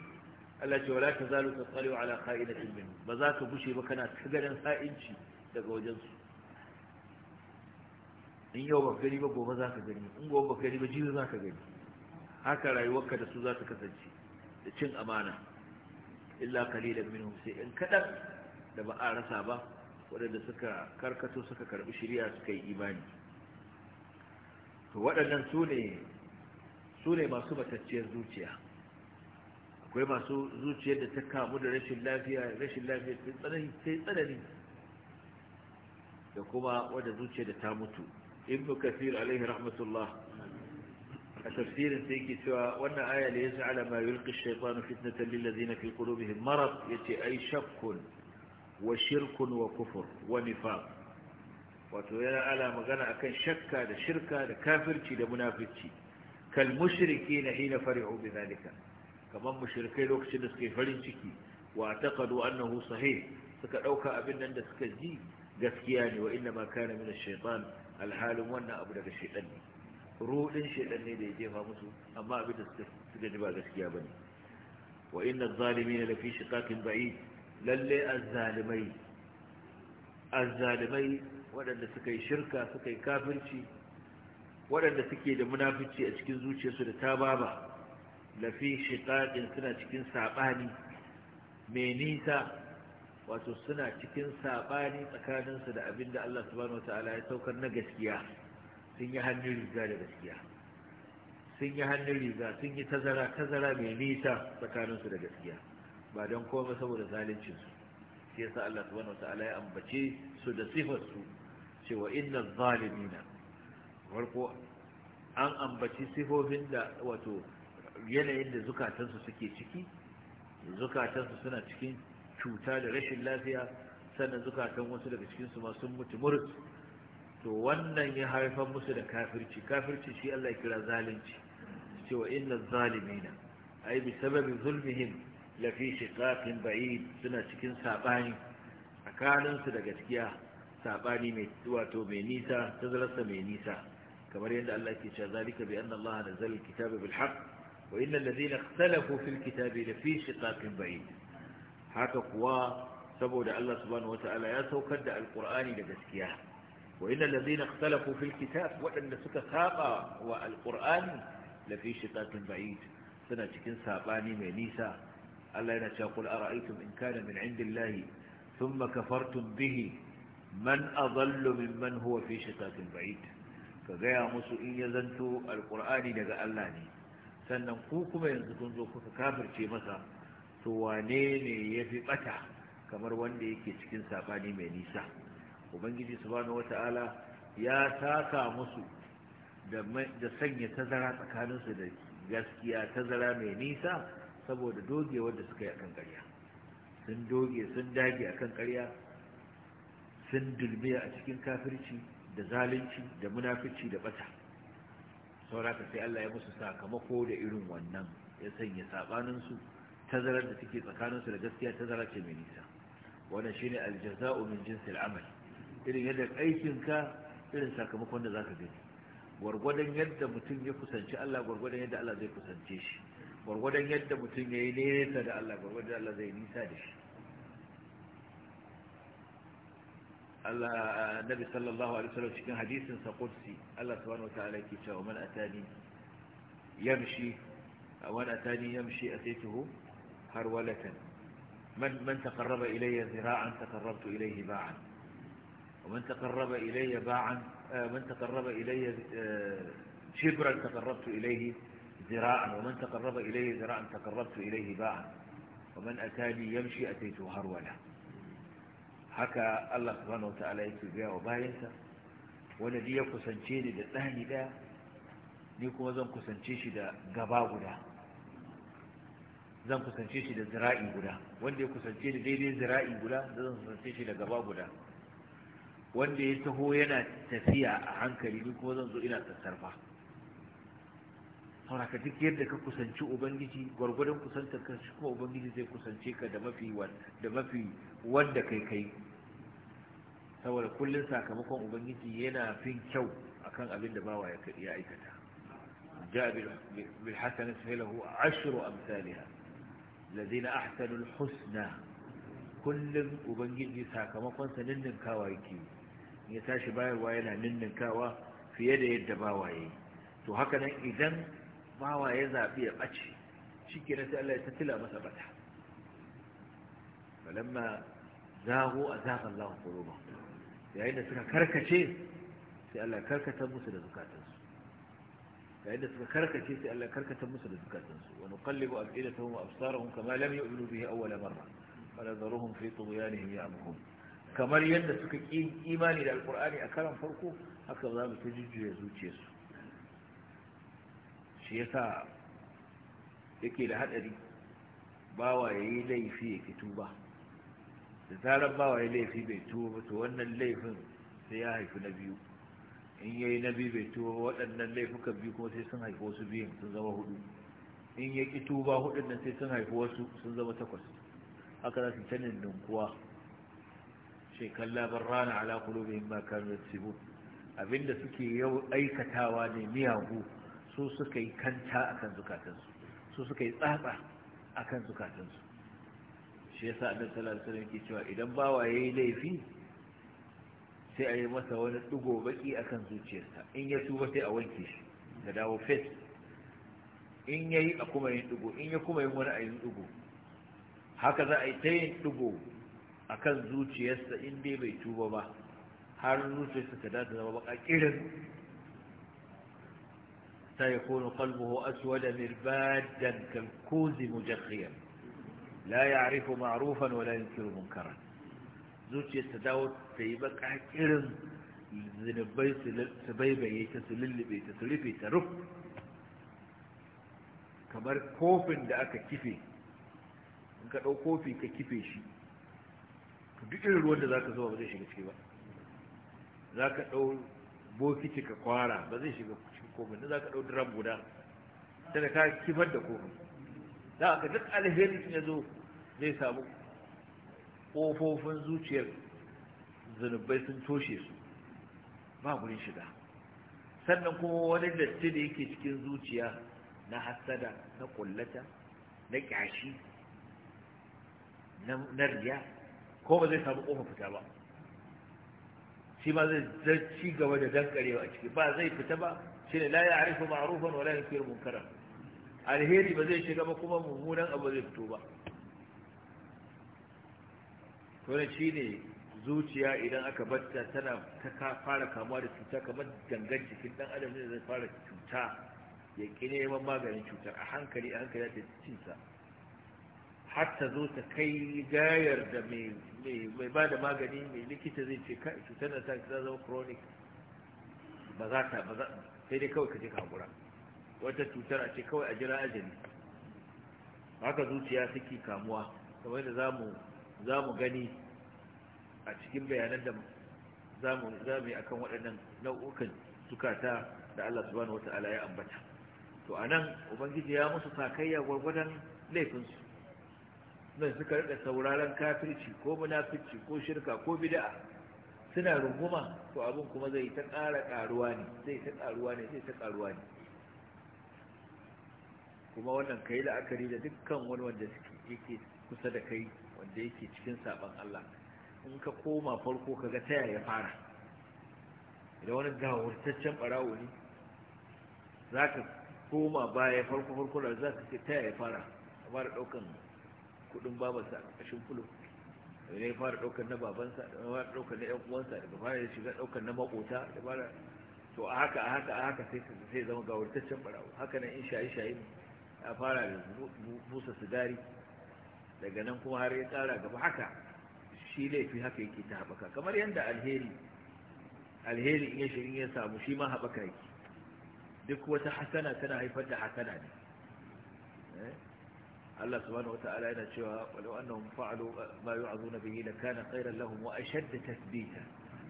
S3: Allah ce wala ta tsari wa ala kha'inatin min ba za ka bushe ba kana ganin sa'inci daga wajensu. in yau ba gani ba gobe za ka gani in gobe ba gani ba jibi za ka gani haka rayuwarka da su za ta kasance da cin amana illa kalilan minhum sai in kadan da ba a rasa ba waɗanda suka karkato suka karɓi shirya suka yi imani to waɗannan su ne masu matacciyar zuciya akwai masu zuciyar da ta kamu da rashin lafiya rashin lafiya sai tsanani da kuma wadda zuciyar da ta mutu Ibnu kafir alaihi rahmatullah a tafsirin sai yake cewa wannan aya da ya sa'ala ma yulqi ash-shaytanu fitnatan lil ladzina fi qulubihim marad yace ai shakkun wa shirkun wa kufur wa nifaq wato yana ala magana akan shakka da shirka da kafirci da munafici kal mushriki na hina fari'u bi zalika kaman mushrikai lokacin da suke farin ciki wa taqadu annahu sahih suka dauka abin nan da suka ji gaskiya ne wa inna ma kana min ash-shaytan alhalin wannan abu daga shaytan ne rudin shaytan ne da ya jefa musu amma abin da suka ji ba gaskiya bane wa inna adh-dhalimin lafi shiqaqin ba'id lalle azzalimai azzalimai waɗanda suka yi shirka suka yi kafirci waɗanda suke da munafici a cikin zuciyarsu da ta baba, lafi shiqaqin suna cikin saɓani mai nisa wato suna cikin saɓani tsakaninsu da abin da Allah subhanahu wataala ya saukar na gaskiya sun yi hannun riga da gaskiya sun yi hannun riga sun yi tazara tazara mai nisa tsakaninsu da gaskiya ba don komai saboda zaluncinsu shi yasa Allah subhanahu wata'ala ya ambace su da sifarsu cewa inna zalimina Warko, an ambaci sifofin da wato yanayin da zukatansu suke ciki zukatansu suna cikin cuta da rashin lafiya sannan zukatan wasu daga cikinsu ma sun mutu murus to wannan ya haifar musu da kafirci kafirci shi Allah ya kira zalunci cewa inna zalimina ai bi sababi zulmihim lafi shiqaqin ba'id suna cikin sabani tsakanin su da gaskiya sabani mai wato mai nisa tazararsa mai nisa kamar yadda Allah ke cewa zalika bi anna Allah nazzala al-kitaba bil haqq wa innal ladhina ikhtalafu fil kitabi lafi shiqaqin ba'id haka kuwa saboda Allah subhanahu wata'ala ya saukar da alqur'ani da gaskiya wa innal ladhina ikhtalafu fil kitab wadanda suka saba wa alqur'ani lafi shiqaqin ba'id suna cikin sabani mai nisa Allah yana cewa qul ara'aytum in kana min indillahi thumma kafartum bihi man adallu mimman huwa fi shiqaqin ba'id ka gaya musu in ya zanto alqur'ani daga Allah ne sannan ku kuma yanzu kun zo kuka kafirce masa to wane ne yafi ɓata kamar wanda yake cikin saɓani mai nisa ubangiji subhanahu wata'ala ya saka musu da sanya tazara tsakaninsu da gaskiya tazara mai nisa saboda dogewar da suka yi akan ƙarya sun doge sun dage akan ƙarya sun dulmiya a cikin kafirci da zalunci da munafici da bata sauraka sai Allah ya musu sakamako da irin wannan ya sanya sabanin tazarar da take tsakaninsu da gaskiya tazara ce mai nisa wannan shine aljaza'u min jinsil amal irin yadda aikin irin sakamakon da zaka gani gwargwadon yadda mutum ya kusanci Allah gwargwadon yadda Allah zai kusance shi gwargwadon yadda mutum ya yi nesa da Allah gwargwadon Allah zai nisa da shi Allah nabi sallallahu alaihi wasallam cikin hadisin sa qudsi Allah subhanahu wataala yake cewa man atani yamshi man atani yamshi atituhu man man taqarraba ilayya zira'an taqarrabtu ilayhi ba'an wa man taqarraba ilayya ba'an man taqarraba ilayya shibran taqarrabtu ilayhi ذراعا ومن تقرب إليه ذراعا تقربت إليه باعا ومن أتاني يمشي أتيته هرولا haka Allah subhanahu wata'ala yake gaya wa bayansa wanda ya kusance ni da tsani ni kuma zan kusance shi da gaba guda zan kusance shi da zira'i guda wanda ya kusance ni daidai zira'i guda zan kusance shi da gaba guda wanda ya taho yana tafiya a hankali ni kuma zan zo ina sassarfa saboda duk yadda ka kusanci ubangiji gwargwadon kusantar ka shi kuma ubangiji zai kusance ka da mafi da wanda kai kai saboda kullun sakamakon ubangiji yana fin kyau akan abin da bawa ya kadi ya aikata jabir bil hasan sahalahu ashru amsalha ladina ahsanu husna kullun ubangiji sakamakon sa ninnin kawa yake ya tashi bayarwa yana ninnin fiye da yadda bawa yake to hakanan idan bawa ya zaɓi ya ɓace shi ke sai Allah ya ta tattila masa bata falamma zago a zafin lawan kuroba yayin da suka karkace sai Allah karkatar musu da zukatansu yayin da suka karkace sai Allah karkatar musu da zukatansu wa nuqallibu af'idatahum wa absarahum kama lam yu'minu bihi awwal marra wa nadharuhum fi tughyanihim ya'mahun kamar yadda suka ki imani da alqur'ani a karan farko haka za mu ta jujjuya zuciyarsu shi yasa yake da hadari bawa yi laifi ya fito ba da zarar bawa ya laifi bai tuwo ba to wannan laifin sai ya haifi na biyu in ya yi na biyu bai tuwo waɗannan laifukan biyu kuma sai sun haifi wasu biyun sun zama hudu in ya ƙi tuba hudun nan sai sun haifi wasu sun zama takwas haka za su canin ninkuwa shekan labar rana ala kulubin makar da abinda suke yau aikatawa ne miyagu su suka yi kanta a kan zukatansu su suka yi tsatsa a kan zukatansu shi yasa a sallallahu alaihi wasallam ke cewa idan bawa yi laifi sai a yi masa wani dugo baki kan zuciyarsa in ya tuba sai a wanke shi da dawo fes. in ya yi a kuma yin dugo in ya kuma yin wani a yin dugo haka za a yi ta yin a kan zuciyarsa in dai bai tuba ba har zuciyarsa ta dace zama baka kirin حتى يكون قلبه أسود مربادا كالكوز مجخيا لا يعرف معروفا ولا ينكر منكرا زوجي تداوت تيبك عكرم زنبي سبيبا يتسلل بيتسلبي ترف kamar kofin da aka kife in ka ɗau kofi ka kife shi duk irin ruwan da za ka zuwa ba zai shiga ciki ba za ka ɗau bokiti ka kwara ba zai shiga komin da za ka ɗauki diram guda ta da ka kifar da komin da ka duk alheri ya zo zai samu ƙofofin zuciyar zunubai sun toshe su ba gurin shiga sannan kuma wani datti da yake cikin zuciya na hassada na kullata na kyashi na riya ko ba zai samu ƙofa fita ba shi ma zai ci gaba da dankarewa a ciki ba zai fita ba shine la ya'rifu ma'rufan wa la yunkiru munkara alheri ba zai shiga ba kuma mummunan abu zai fito ba to ne shine zuciya idan aka batta tana ta fara kamuwa da cuta kamar gangan jikin dan adam ne zai fara cuta ya kine neman maganin cutar a hankali a hankali ta cinsa har ta zo ta kai gayar da mai ba da magani mai likita zai ce cutar da ta zama chronic ba za ta sai dai kawai ka je ka wata cutar a ce kawai a jira ajali haka zuciya suke kamuwa kamar da za mu gani a cikin bayanan da za mu yi kan waɗannan nau'ukan sukata da Allah subhanahu ta'ala ya ambata to a nan ubangiji ya musu takayya gwargwadon laifinsu nan suka rika sauraron kafirci ko munafirci ko shirka ko bida'a suna runguma to abin kuma zai ta ƙara ƙaruwa ne zai ta ƙaruwa ne zai ta ƙaruwa ne kuma wannan kai la'akari da dukkan wani wanda yake kusa da kai wanda yake cikin saban Allah in ka koma farko ka ga taya ya fara idan wani gawurtaccen barawo ne za ka koma baya farko farko da za ka ce taya ya fara a fara ɗaukan kuɗin babarsa a ƙashin fulo ne fara daukar na babansa da fara daukar na yankuwansa uwansa fara ya shiga daukar na makota da fara to a haka a haka a haka sai sai zama wurtaccen barawo haka nan in shayi shaye ya fara da busa sigari daga nan kuma har ya tsara gaba haka shi laifi haka yake ta haɓaka kamar yadda alheri alheri in ya shirin ya samu shi ma haɓaka yake duk wata hasana tana haifar da hasana ne eh? Allah subhanahu ta'ala yana cewa walau annahum fa'alu ma yu'azuna bihi lakana khayran lahum wa ashadda tathbita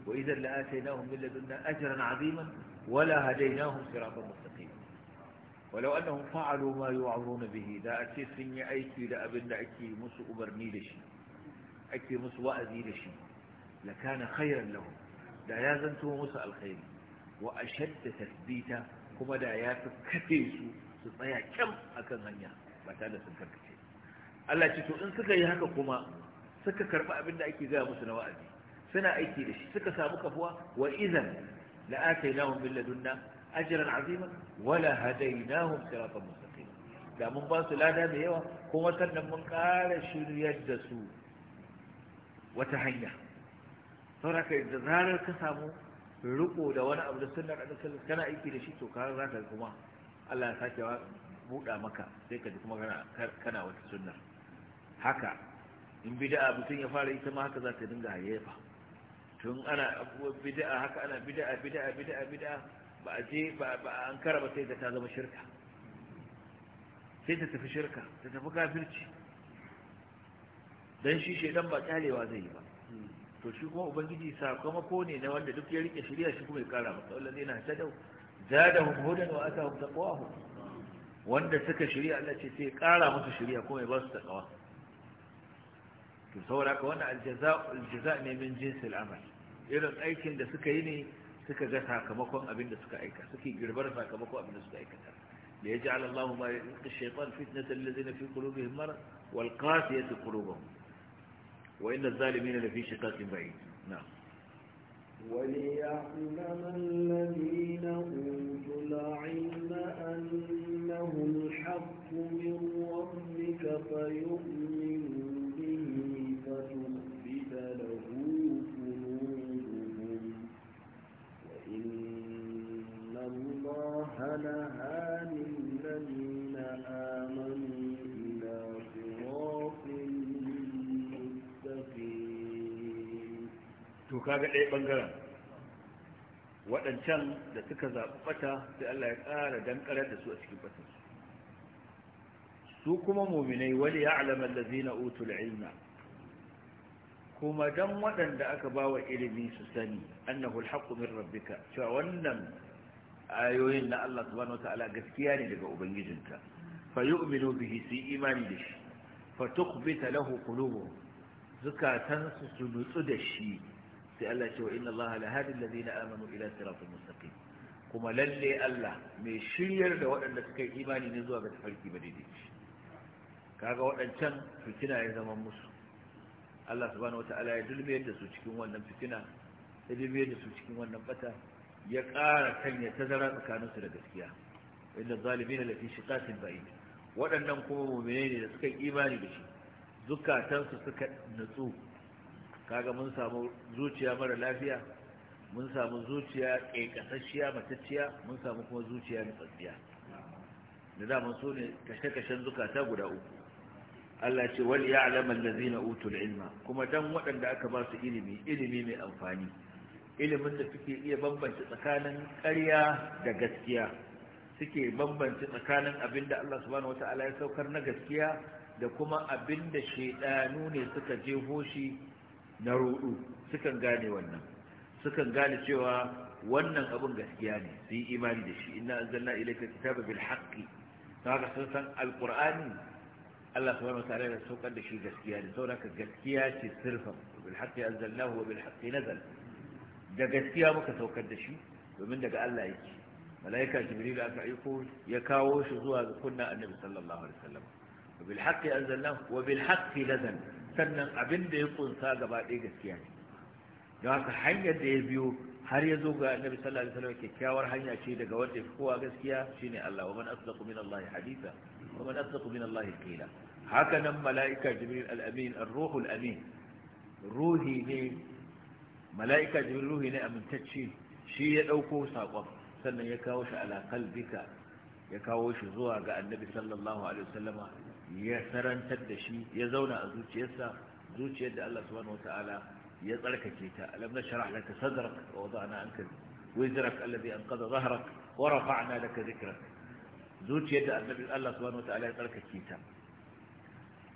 S3: wa idhan la'ataynahum min ladunna ajran 'azima wala hadaynahum siratan mustaqim walau annahum fa'alu ma yu'azuna bihi da ake sun yi aiki da abin da ake musu umarni da shi ake musu wa'azi da shi lakana khayran lahum da ya zanto musu alkhairi wa ashadda tathbita kuma da ya fi kafe su su tsaya kyam akan hanya ba tare da sun karkace Allah ce to in suka yi haka kuma suka karɓi abin da ake gaya musu na wa'azi suna aiki da shi suka samu kafuwa wa idan la atainahum min ladunna ajran azima wala hadainahum siratan mustaqim da mun ba su lada da yawa kuma sannan mun ƙara shiryar da su wata hanya saboda da zarar ka samu riko da wani abu da sunnar annabi kana aiki da shi to ka za ka kuma Allah ya sake wa buɗa maka sai ka ji kuma kana wata sunna haka in bid'a mutum ya fara ita ma haka za ta dinga hayayyafa tun ana bid'a haka ana bid'a bid'a bid'a bid'a ba a je ba an kara ba sai da ta zama shirka sai ta tafi shirka ta tafi kafirci dan shi shaidan ba kyalewa zai yi ba to shi kuma ubangiji sakamako ne na wanda duk ya rike shirya shi kuma ya kara masa wallahi na tadau zadahum hudan wa atahum taqwahum wanda suka shirya Allah ce sai kara musu shirya kuma ya ba su takawa to saboda ka wannan aljaza ne min jinsil amal irin aikin da suka yi ne suka ga sakamakon abin da suka aika suke girbar sakamakon abin da suka aikata da ya ja'ala Allah ma yulqi shaytan fitnatal na fi qulubihim marad wal qasiyati qulubuhum wa inna adh-dhalimina lafi shiqaqin ba'id na
S2: وليعلم الذين أوتوا العلم أن إنه الحق من ربك فيؤمن به فتخبت له قلوبهم وإن الله لهادي الذين آمنوا إلى صراط مستقيم. To kaga ɗaya ɓangaren waɗancan da
S3: suka zaɓi ɓata sai Allah ya ƙara dankarar da su a cikin ɓatan su kuma muminai wani ya alamar da zina utul ilma kuma don waɗanda aka ba wa ilimi su sani annahu alhaqqu min rabbika cewa wannan ayoyin na Allah subhanahu wataala gaskiya ne daga ubangijinka fa yu'minu bihi su imani da shi fa talahu lahu qulubuhum zukatansu su nutsu da shi sai Allah ce wa inna Allah la hadi alladhina amanu ila siratal mustaqim kuma lalle Allah mai shiryar da waɗanda suka yi imani ne zuwa ga tafarki ba daidai kaga waɗancan fitina ya zama musu Allah subhanahu wata'ala ya dulmiyar da su cikin wannan fitina ya dulmiyar da su cikin wannan bata ya ƙara kan ya tazara tsakaninsu da gaskiya inda zalimin lafi shiqatin ba'id waɗannan kuma mu'mine ne da suka yi imani da shi zukatansu suka nutsu kaga mun samu zuciya mara lafiya mun samu zuciya ƙeƙasasshiya matacciya mun samu kuma zuciya nutsatsiya da dama so ne kashe-kashen zukata guda uku Allah ce wani alamar ya'lamu zina utul ilma kuma don waɗanda aka ba su ilimi ilimi mai amfani ilimin da suke iya bambanci tsakanin ƙarya da gaskiya suke bambanci tsakanin abinda Allah subhanahu wata'ala ya saukar na gaskiya da kuma abinda shaidanu ne suka jefo shi na ruɗu sukan gane wannan sukan gane cewa wannan abun gaskiya ne su yi imani da shi inna anzalna ilayka kitaba bil haqqi kaga sun san alqur'ani Allah subhanahu wa ta'ala ya saukar da shi gaskiya ne saboda gaskiya ce sirfa bil haqqi anzalnahu wa bil haqqi nazal da gaskiya muka saukar da shi domin daga Allah yake malaika jibril aka aiko ya kawo shi zuwa ga kunna annabi sallallahu alaihi wasallam bil haqqi anzalnahu wa bil haqqi nazal sannan abin da ya kunsa gaba ɗaya gaskiya ne don haka hanyar da ya biyo har ya zo ga annabi sallallahu alaihi wasallam kyakkyawar hanya ce daga wanda ya kowa gaskiya shine Allah wa man asdaqu min Allah haditha wa man asdaqu min Allah qila haka nan malaika jibril al-amin ar-ruhul amin ruhi ne malaika jibril ruhi ne amintacce shi ya dauko sakon sannan ya kawo shi ala qalbika ya kawo shi zuwa ga annabi sallallahu alaihi wasallama ya sarantar da shi ya zauna a zuciyarsa zuciyar da Allah subhanahu wata'ala ya tsarkake ta alam nashrah laka sadrak wa wada'na anka wizrak alladhi anqadha dhahrak wa rafa'na laka dhikrak zuciyar da annabi Allah subhanahu wata'ala ya tsarkake ta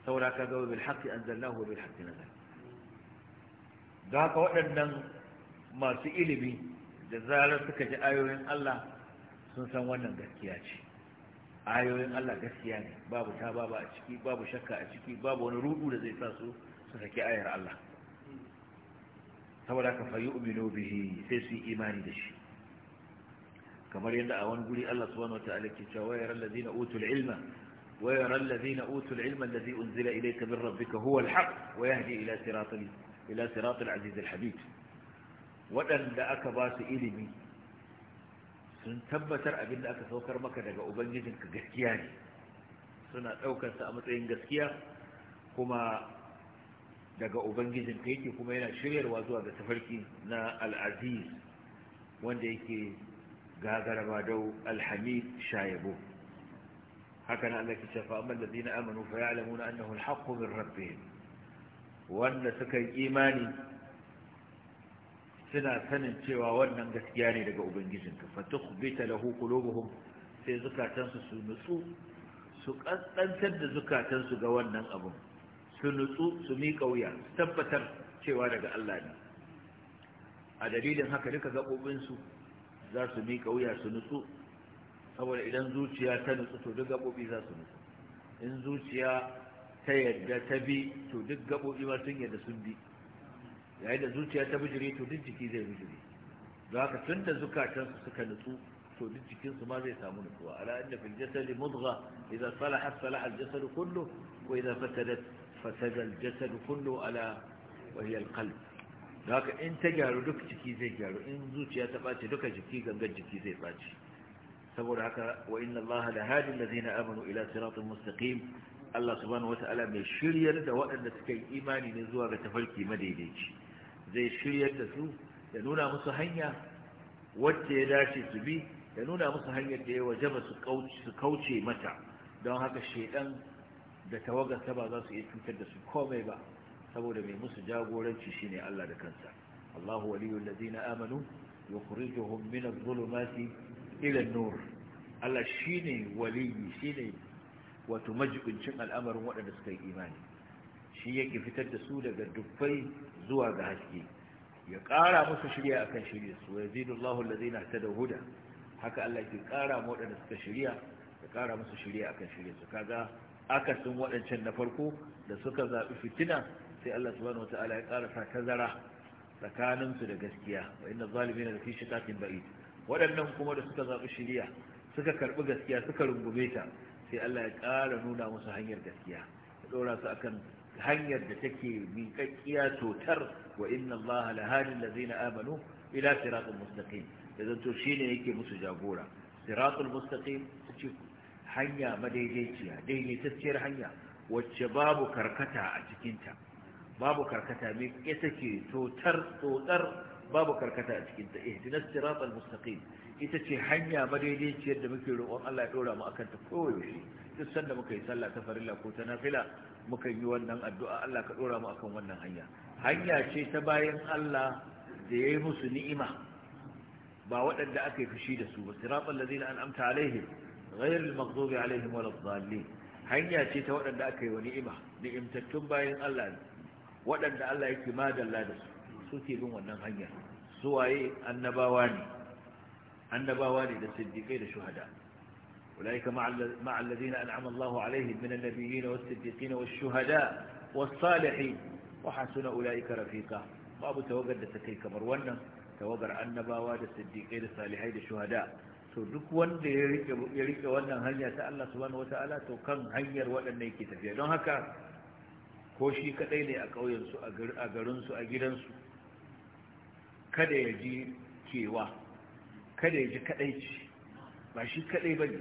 S3: saboda ka ga bil haqqi anzalnahu bil haqqi nazal da ka waɗannan masu ilimi da zarar suka ji ayoyin Allah sun san wannan gaskiya ce ayoyin Allah gaskiya ne babu ta babu a ciki babu shakka a ciki babu wani rudu da zai sa su su saki ayar Allah saboda ka fayu umino bihi sai su yi imani da shi kamar yadda a wani guri Allah subhanahu wataala ke cewa ya ran ladina utul ilma wa ya utul ilma allazi unzila ilayka min rabbika huwa alhaq wa yahdi ila siratil ila siratil aziz alhabib wadanda aka ba su ilimi sun tabbatar abin da aka saukar maka daga ubangijinka gaskiya ne suna ɗaukarsa a matsayin gaskiya kuma daga ubangijinka yake kuma yana shiryarwa zuwa ga tafarki na al'aziz wanda yake gagaraba dau alhamid shayabo haka na Allah ke shafa amma ladina amanu fa ya'lamuna annahu alhaqqu min rabbihim wanda suka yi imani suna sanin cewa wannan gaskiya ne daga ubangijinka fatukhbita lahu qulubuhum sai zukatansu su nutsu su kaskantar da zukatansu ga wannan abu su nutsu su miƙa wuya tabbatar cewa daga Allah ne a dalilin haka duka gaɓoɓinsu za su miƙa wuya su nutsu saboda idan zuciya ta nutsu to duk gaɓoɓi za su nutsu in zuciya ta yadda ta bi to duk gaɓoɓi ma sun yadda sun bi yayin da zuciya ta bijire to duk jiki zai bijire don haka tun da zukatansu suka nutsu to duk jikin su ma zai samu nutsuwa ala inda fil jasadi mudgha idza salahat salaha al jasad kullu wa idza fasadat fasada al jasad kullu ala wa hiya al qalb don haka in ta gyaru duk jiki zai gyaru in zuciya ta bace duka jiki gangan jiki zai bace saboda haka wa inna allaha la hadi allazina amanu ila siratin mustaqim Allah subhanahu ta'ala mai shiryar da waɗanda suka yi imani ne zuwa ga tafarki madaidaici zai shiryar da su ya nuna musu hanya wacce ya dace su bi ya nuna musu hanyar da ya waje ba su kauce mata don haka shaidan da tawagarsa ba za su iya cutar da su komai ba saboda mai musu jagoranci shine Allah da kansa Allahu waliyul ladina amanu yukhrijuhum min adh-dhulumati ila an-nur Allah shine waliyi shine wato majibincin al'amarin waɗanda suka yi imani shi yake fitar da su daga dubbai zuwa ga haske ya ƙara musu shirya akan shirya su ya zidu Allahu ta da huda haka Allah ke ƙara mu waɗanda suka shirya ya ƙara musu shirya akan shirya su kaga akasin waɗancan na farko da suka zaɓi fitina sai Allah subhanahu wataala ya ƙara sa tazara tsakaninsu da gaskiya wa inna da lafi shiqaqin ba'id waɗannan kuma da suka zaɓi shirya suka karɓi gaskiya suka rungume ta sai Allah ya ƙara nuna musu hanyar gaskiya ya ɗora su akan hanyar da take miƙaƙƙiya totar wa inna Allah la hadi allazina amanu ila siratul mustaqim da zanto shine yake musu jagora siratul mustaqim ce hanya madaidaiciya daidaitacciyar hanya wacce babu karkata a cikinta babu karkata me ita ke totar totar babu karkata a cikinta ihdinas siratal mustaqim ita ce hanya madaidaiciyar da muke roƙon Allah ya ɗora mu akan ta koyaushe duk sanda muka yi sallah ta farilla ko ta nafila muka yi wannan addu'a Allah ka ɗora mu akan wannan hanya hanya ce ta bayan Allah da ya yi musu ni'ima ba waɗanda aka yi fushi da su ba siratal ladina an'amta alaihim ghayril maghdubi alaihim waladdallin hanya ce ta waɗanda aka yi wa ni'ima ni'imtattun bayan Allah waɗanda Allah yake madalla da su suke bin wannan hanya su waye annabawa ne annabawa ne da siddiqai da shuhada ulaika ma'a alladhina an'ama Allahu alaihim min an-nabiyyin was-siddiqin wash-shuhada was-salihin wa hasuna ulaika rafiqa babu tawagar da take kamar wannan tawagar annabawa da siddiqai da salihai da shuhada to duk wanda ya rike wannan hanya ta Allah subhanahu wataala to kan hanyar waɗannan yake tafiya don haka ko shi kadai ne a ƙauyensu a garinsu a gidansu kada ya ji cewa kada ya ji ce, ba shi kadai ba ne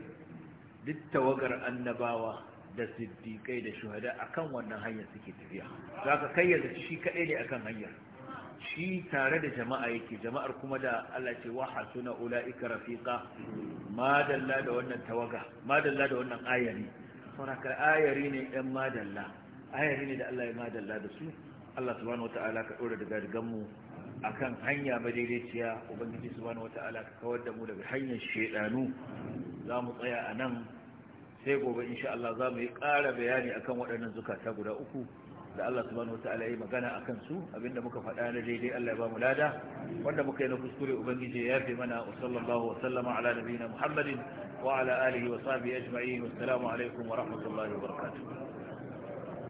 S3: duk tawagar annabawa da siddiƙai da shuhada akan wannan hanyar suke tafiya za ka kayyada shi kadai ne akan hanyar shi tare da jama'a yake jama'ar kuma da Allah ce wa hasuna ulaika rafiqa madalla da wannan tawaga madalla da wannan ayari saboda ayari ne dan madalla ayari ne da Allah ya madalla da su Allah subhanahu wataala ka dora daga rigan mu akan hanya madaidaiciya ubangiji subhanahu wata'ala ka kawar da mu daga hanyar shedanu za mu tsaya a nan sai gobe insha Allah za mu yi ƙara bayani akan waɗannan zukata guda uku da Allah subhanahu wata'ala ya yi magana akan su abinda muka faɗa na daidai Allah ya ba mu lada wanda muka yi na kuskure ubangiji ya yafe mana wa sallallahu wa sallama
S2: ala nabiyina Muhammadin wa ala alihi wa sahbihi ajma'in wassalamu alaikum wa rahmatullahi wa barakatuh